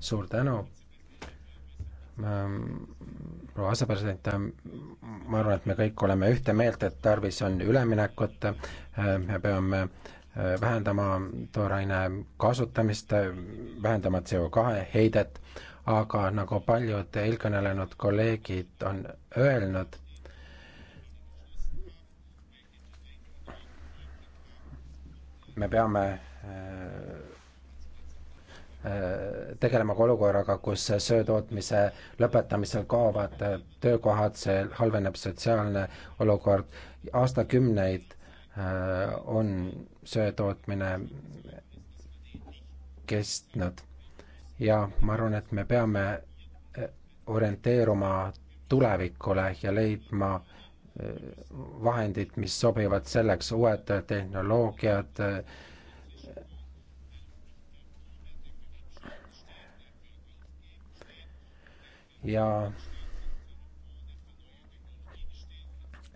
C: suur tänu, Ähm, proua asepresident, ähm, ma arvan, et me kõik oleme ühte meelt, et tarvis on üleminekut, me ähm, peame äh, vähendama tooraine kasutamist, äh, vähendama CO2 heidet, aga nagu paljud eelkõnelenud kolleegid on öelnud, me peame äh, tegelema ka olukorraga, kus söötootmise lõpetamisel kaovad töökohad, see halveneb sotsiaalne olukord, aastakümneid äh, on söötootmine kestnud ja ma arvan, et me peame äh, orienteeruma tulevikule ja leidma äh, vahendid, mis sobivad selleks, uued tehnoloogiad, ja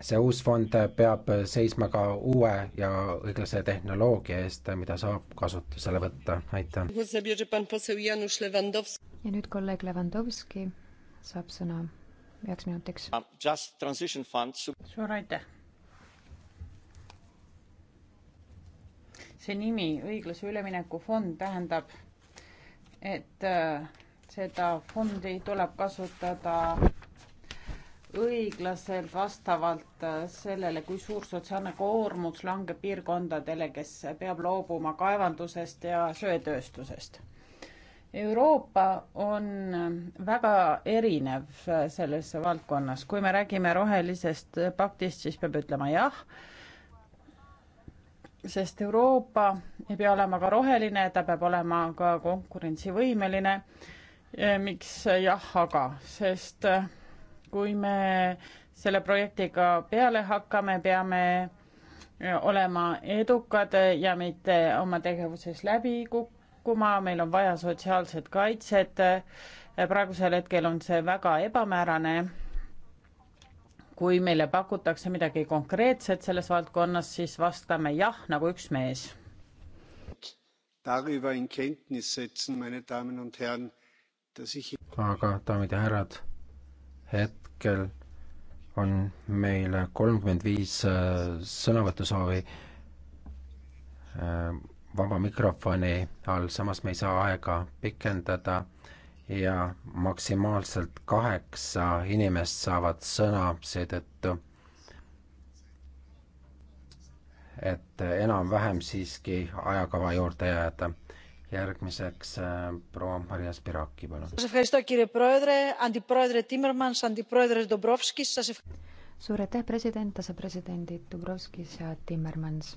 C: see uus fond peab seisma ka uue ja õiglase tehnoloogia eest, mida saab kasutusele võtta, aitäh.
D: ja nüüd kolleeg Levandovski saab sõna üheks minutiks.
B: Uh,
D: suur aitäh.
A: see nimi, õiglase ülemineku fond, tähendab, et äh, seda fondi tuleb kasutada õiglaselt vastavalt äh, sellele, kui suur sotsiaalne koormus langeb piirkondadele, kes peab loobuma kaevandusest ja söetööstusest. Euroopa on äh, väga erinev äh, selles valdkonnas, kui me räägime rohelisest paktist, siis peab ütlema jah, sest Euroopa ei pea olema ka roheline, ta peab olema ka konkurentsivõimeline miks jah, aga, sest äh, kui me selle projektiga peale hakkame, peame äh, olema edukad ja mitte oma tegevuses läbi kukkuma, meil on vaja sotsiaalset kaitset. Äh, praegusel hetkel on see väga ebamäärane. kui meile pakutakse midagi konkreetset selles valdkonnas, siis vastame jah, nagu üks mees. Darüber in Kenntnis setzen, meine Damen und Herren
C: aga daamid ja härrad, hetkel on meil kolmkümmend viis äh, sõnavõtusoovi äh, vaba mikrofoni all, samas me ei saa aega pikendada ja maksimaalselt kaheksa inimest saavad sõna seetõttu, et enam-vähem siiski ajakava juurde jääda järgmiseks äh, proua Maria Spiraki, palun.
D: suur aitäh, president, asepresidendid Dubrovskis ja Timmermans.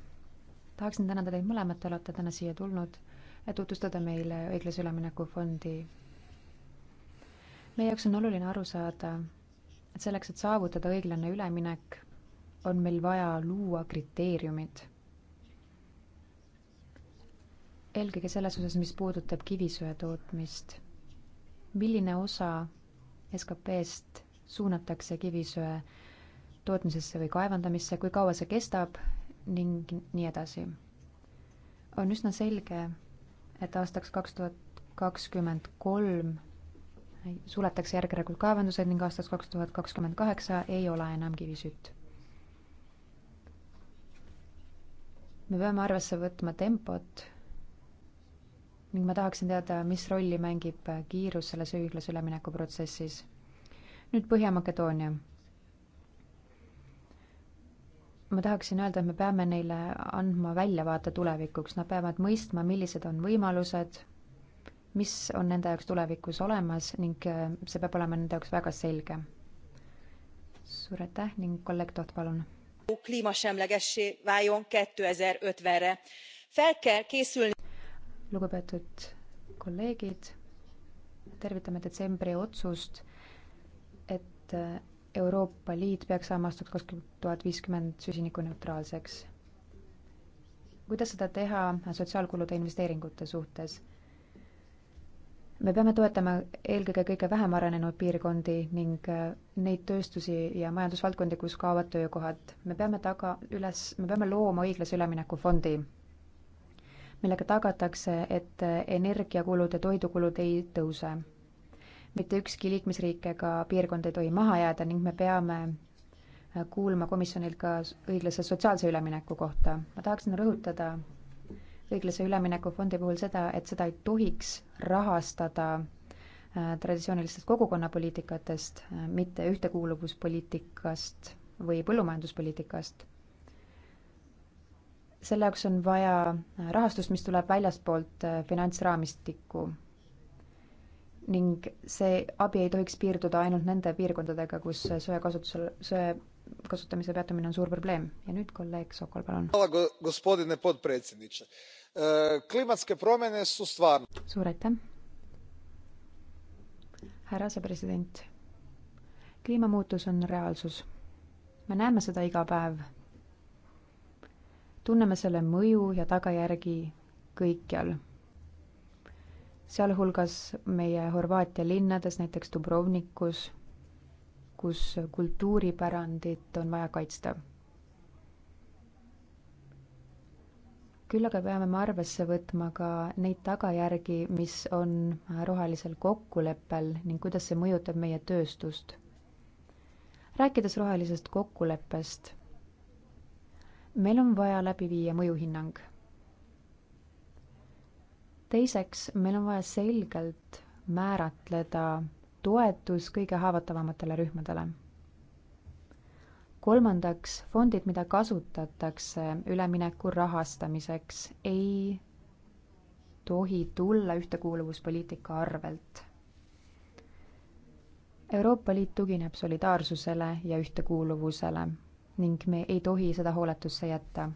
D: tahaksin tänada teid mõlemat, te olete täna siia tulnud, et tutvustada meile õiglase ülemineku fondi. meie jaoks on oluline aru saada, et selleks, et saavutada õiglane üleminek, on meil vaja luua kriteeriumid eelkõige selles osas, mis puudutab kivisöe tootmist. milline osa SKP-st suunatakse kivisöe tootmisesse või kaevandamisse, kui kaua see kestab ning nii edasi. on üsna selge, et aastaks kaks tuhat kakskümmend kolm suletakse järk-järgult kaevandused ning aastaks kaks tuhat kakskümmend kaheksa ei ole enam kivisütt. me peame arvesse võtma tempot ning ma tahaksin teada, mis rolli mängib kiirus selles õiglase ülemineku protsessis. nüüd Põhja-Makedoonia. ma tahaksin öelda, et me peame neile andma väljavaate tulevikuks, nad peavad mõistma, millised on võimalused, mis on nende jaoks tulevikus olemas ning äh, see peab olema nende jaoks väga selge. suur aitäh ning kolleeg Toht, palun.
B: kliimasemlegessé váljon 2050-re.
D: Fel kell készülni lugupeetud kolleegid, tervitame detsembri otsust, et äh, Euroopa Liit peaks saama aastaks kakskümmend tuhat viiskümmend süsinikuneutraalseks. kuidas seda teha sotsiaalkulude investeeringute suhtes? me peame toetama eelkõige kõige vähem arenenud piirkondi ning äh, neid tööstusi ja majandusvaldkondi, kus kaovad töökohad. me peame taga, üles, me peame looma õiglase ülemineku fondi millega tagatakse, et energiakulud ja toidukulud ei tõuse. mitte ükski liikmesriik ega piirkond ei tohi maha jääda ning me peame kuulma komisjonilt ka õiglase sotsiaalse ülemineku kohta. ma tahaksin rõhutada õiglase ülemineku fondi puhul seda, et seda ei tohiks rahastada äh, traditsioonilistest kogukonnapoliitikatest, äh, mitte ühtekuuluvuspoliitikast või põllumajanduspoliitikast selle jaoks on vaja rahastust, mis tuleb väljaspoolt äh, finantsraamistikku. ning see abi ei tohiks piirduda ainult nende piirkondadega, kus söe kasutusel, söe kasutamise peatamine on suur probleem. ja nüüd kolleeg Sokol, palun. Äh, suur aitäh. härra asepresident, kliimamuutus on reaalsus. me näeme seda iga päev tunneme selle mõju ja tagajärgi kõikjal. sealhulgas meie Horvaatia linnades, näiteks Dubrovnikus, kus kultuuripärandit on vaja kaitsta. küll aga peame me arvesse võtma ka neid tagajärgi, mis on rohelisel kokkuleppel ning kuidas see mõjutab meie tööstust. rääkides rohelisest kokkuleppest meil on vaja läbi viia mõjuhinnang. teiseks, meil on vaja selgelt määratleda toetus kõige haavatavamatele rühmadele. kolmandaks, fondid, mida kasutatakse ülemineku rahastamiseks, ei tohi tulla ühtekuuluvuspoliitika arvelt. Euroopa Liit tugineb solidaarsusele ja ühtekuuluvusele ning me ei tohi seda hooletusse jätta.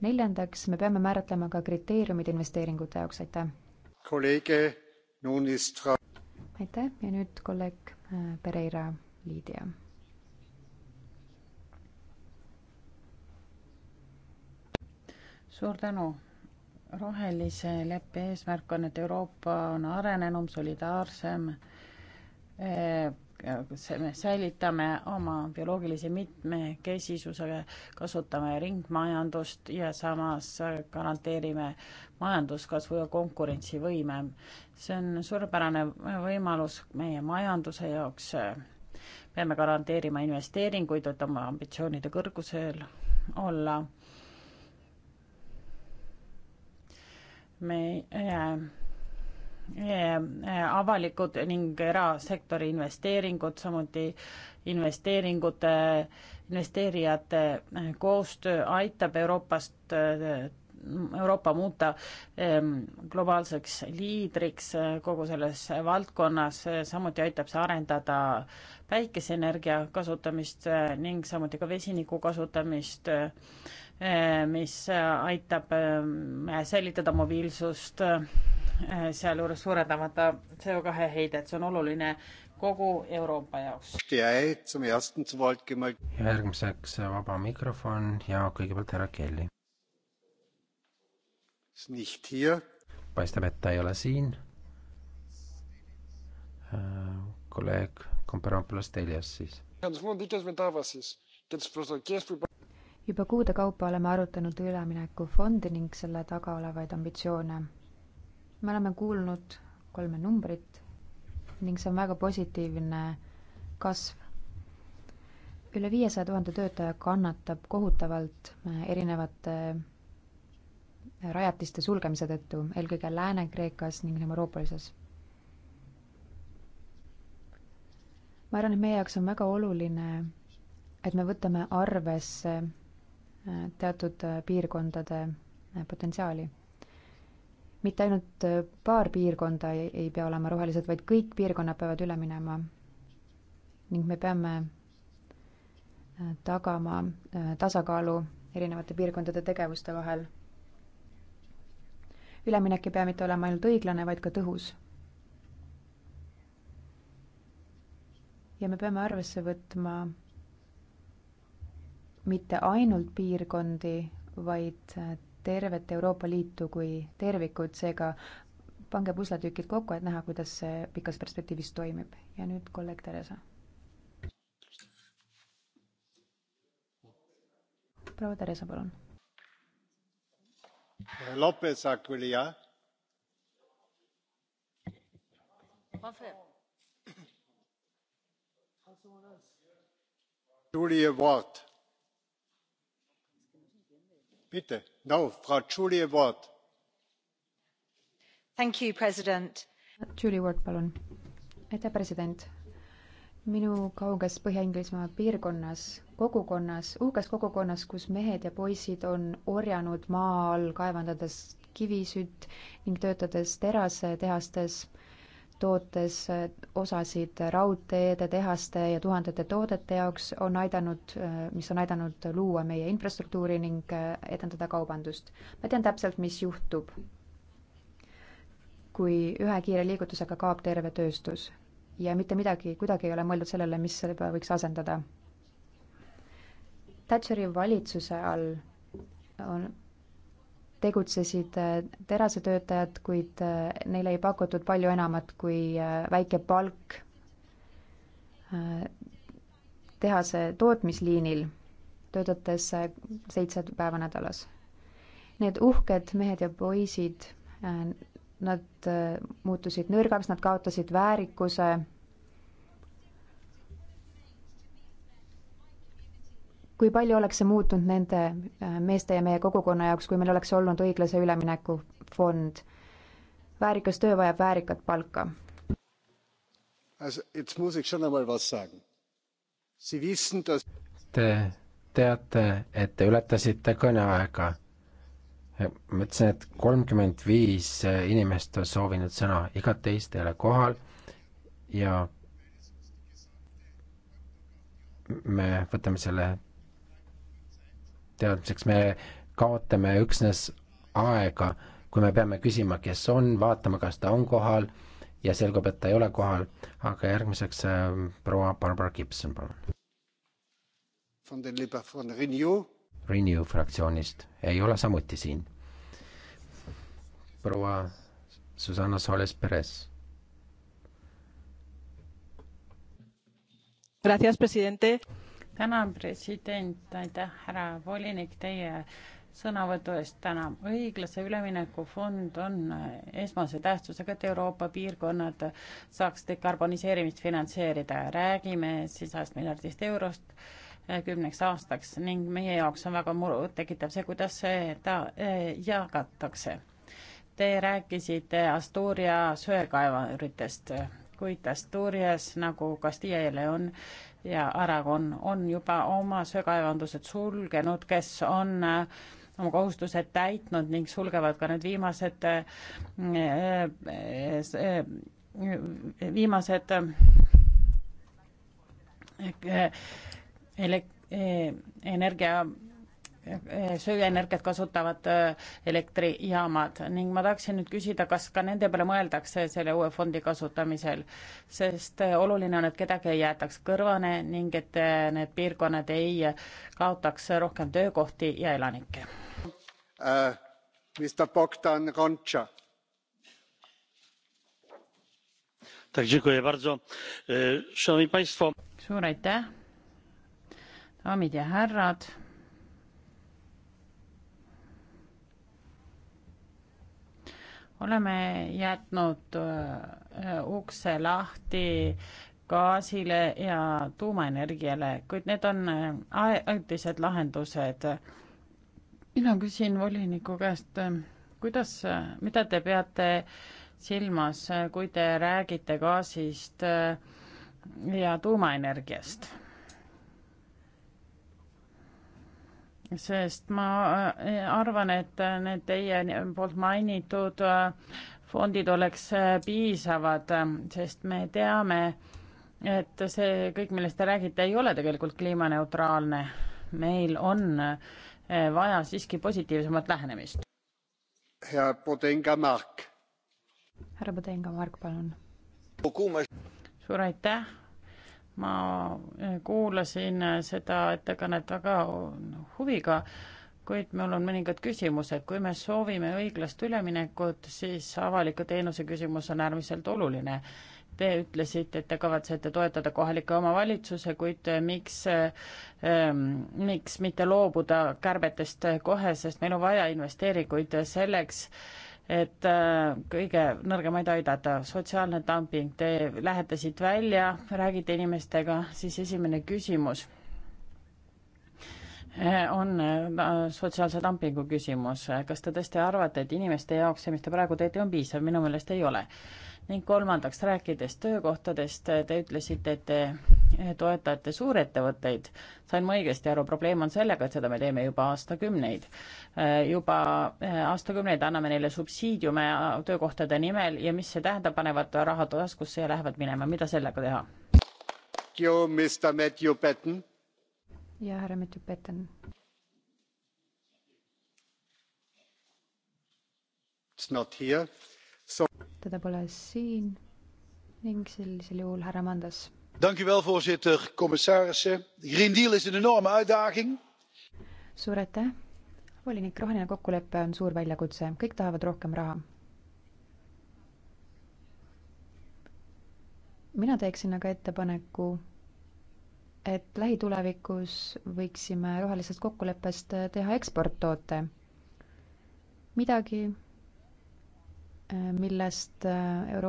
D: neljandaks, me peame määratlema ka kriteeriumid investeeringute jaoks,
C: aitäh.
D: aitäh ja nüüd kolleeg äh, Pereira
C: Liidia.
A: suur tänu rohelise leppe eesmärk on, et Euroopa on arenenum, solidaarsem äh, me säilitame oma bioloogilise mitmekesisuse, kasutame ringmajandust ja samas garanteerime majanduskasvu ja konkurentsivõime. see on suurepärane võimalus meie majanduse jaoks. peame garanteerima investeeringuid, et oma ambitsioonide kõrgusel olla. meie äh, avalikud ning erasektori investeeringud, samuti investeeringute, investeerijate koostöö aitab Euroopast, Euroopa muuta ähm, globaalseks liidriks äh, kogu selles valdkonnas, samuti aitab see arendada päikeseenergia kasutamist äh, ning samuti ka vesiniku kasutamist, äh, mis aitab ähm, säilitada mobiilsust Eh, sealjuures suurendamata CO2 heidet, see on oluline kogu Euroopa jaoks.
C: järgmiseks vaba mikrofon ja kõigepealt härra Kelly. paistab, et ta ei ole siin. Äh, kolleeg Komperopolis Telias siis.
D: juba kuude kaupa oleme arutanud üleminekufondi ning selle taga olevaid ambitsioone me oleme kuulnud kolme numbrit ning see on väga positiivne kasv. üle viiesaja tuhande töötaja kannatab kohutavalt äh, erinevate äh, rajatiste sulgemise tõttu, eelkõige Lääne-Kreekas ning Euroopas. ma arvan, et meie jaoks on väga oluline, et me võtame arvesse äh, teatud piirkondade potentsiaali mitte ainult äh, paar piirkonda ei, ei pea olema rohelised, vaid kõik piirkonnad peavad üle minema. ning me peame äh, tagama äh, tasakaalu erinevate piirkondade tegevuste vahel. üleminek ei pea mitte olema ainult õiglane, vaid ka tõhus. ja me peame arvesse võtma mitte ainult piirkondi, vaid tervet Euroopa Liitu kui tervikut, seega pange pusletükid kokku, et näha, kuidas see pikas perspektiivis toimib. ja nüüd kolleeg Theresa. proua Theresa, palun.
C: Lopez Aguilar. Julia Ward. bitte aitäh
D: president! minu kauges põhja-inglismaa piirkonnas kogukonnas uhkes kogukonnas kus mehed ja poisid on orjanud maa all kaevandades kivisütt ning töötades terasetehastes tootes osasid raudteede, tehaste ja tuhandete toodete jaoks, on aidanud, mis on aidanud luua meie infrastruktuuri ning edendada kaubandust. ma tean täpselt, mis juhtub, kui ühe kiire liigutusega kaob terve tööstus ja mitte midagi, kuidagi ei ole mõeldud sellele, mis seda võiks asendada. Thatcheri valitsuse all on tegutsesid äh, terasetöötajad, kuid äh, neile ei pakutud palju enamat kui äh, väike palk tehase tootmisliinil, töötades seitse päeva nädalas. Need uhked mehed ja poisid, nad muutusid nõrgaks, nad kaotasid väärikuse kui palju oleks see muutunud nende äh, meeste ja meie kogukonna jaoks, kui meil oleks olnud õiglase ülemineku fond? väärikas töö vajab väärikat palka.
C: Te teate, et te ületasite kõneaega. ma ütlesin, et kolmkümmend viis äh, inimest on soovinud sõna, iga teist ei ole kohal ja me võtame selle teadmiseks me kaotame üksnes aega, kui me peame küsima, kes on, vaatama, kas ta on kohal ja selgub, et ta ei ole kohal, aga järgmiseks äh, proua Barbara Gibson, palun. Renew fraktsioonist ei ole samuti siin. proua Susanna Soles Perez.
B: Gracias,
A: presidente tänan, president, aitäh, härra volinik, teie sõnavõtu eest täna. õiglase ülemineku fond on äh, esmase tähtsusega, et Euroopa piirkonnad saaks dekarboniseerimist finantseerida. räägime sisast miljardist eurost äh, kümneks aastaks ning meie jaoks on väga murettekitav see, kuidas seda äh, jagatakse. Te rääkisite Asturia söekaevuritest, kuid Asturias nagu Castilla ja Leon ja Aragon on juba oma söekaevandused sulgenud, kes on äh, oma kohustused täitnud ning sulgevad ka need viimased, äh, äh, viimased elek-, energia sööjaenergiat kasutavad äh, elektrijaamad ning ma tahaksin nüüd küsida, kas ka nende peale mõeldakse selle uue fondi kasutamisel, sest äh, oluline on, et kedagi ei jäetaks kõrvale ning et äh, need piirkonnad ei kaotaks rohkem töökohti ja elanikke
B: uh,. Mr Bogdan Kontša.
A: suur aitäh, daamid ja härrad oleme jätnud äh, ukse lahti gaasile ja tuumaenergiale, kuid need on äh, ajutised lahendused. mina küsin voliniku käest, äh, kuidas, mida te peate silmas, kui te räägite gaasist ja tuumaenergiast? sest ma äh, arvan, et äh, need teie poolt mainitud äh, fondid oleks piisavad, sest me teame, et see kõik, millest te räägite, ei ole tegelikult kliimaneutraalne. meil on vaja siiski positiivsemat lähenemist. härra Podenga-Mark. härra Podenga-Mark, palun. suur aitäh ma eh, kuulasin eh, seda ettekannet väga huviga, kuid mul on mõningad küsimused. kui me soovime õiglast üleminekut, siis avaliku teenuse küsimus on äärmiselt oluline. Te ütlesite, et te kavatsete toetada kohalikke omavalitsuse, kuid eh, miks ähm,, miks mitte loobuda kärbetest kohe, sest meil on vaja investeeringuid selleks, et äh, kõige nõrgemaid aidata, sotsiaalne dumping, te lähete siit välja, räägite inimestega, siis esimene küsimus äh, on äh, sotsiaalse dumpingu küsimus, kas te tõesti arvate, et inimeste jaoks see, mis te praegu teete, on piisav, minu meelest ei ole ning kolmandaks, rääkides töökohtadest, te ütlesite, et te toetate suurettevõtteid. sain ma õigesti aru, probleem on sellega, et seda me teeme juba aastakümneid. Äh, juba äh, aastakümneid anname neile subsiidiume äh, töökohtade nimel ja mis see tähendab, panevad raha taskusse ja lähevad minema, mida sellega teha?
D: ja härra Matthew Patten.
C: It's not here
D: teda pole siin ning sellisel juhul härra Mandas.
C: voorzitter, commissarissen.
A: Green Deal is een enorme uitdaging.
D: suur aitäh. volinik, roheline kokkulepe on suur väljakutse, kõik tahavad rohkem raha. mina teeksin aga ettepaneku, et lähitulevikus võiksime rohelisest kokkuleppest teha eksporttoote. midagi, Äh, millest äh, Euroopa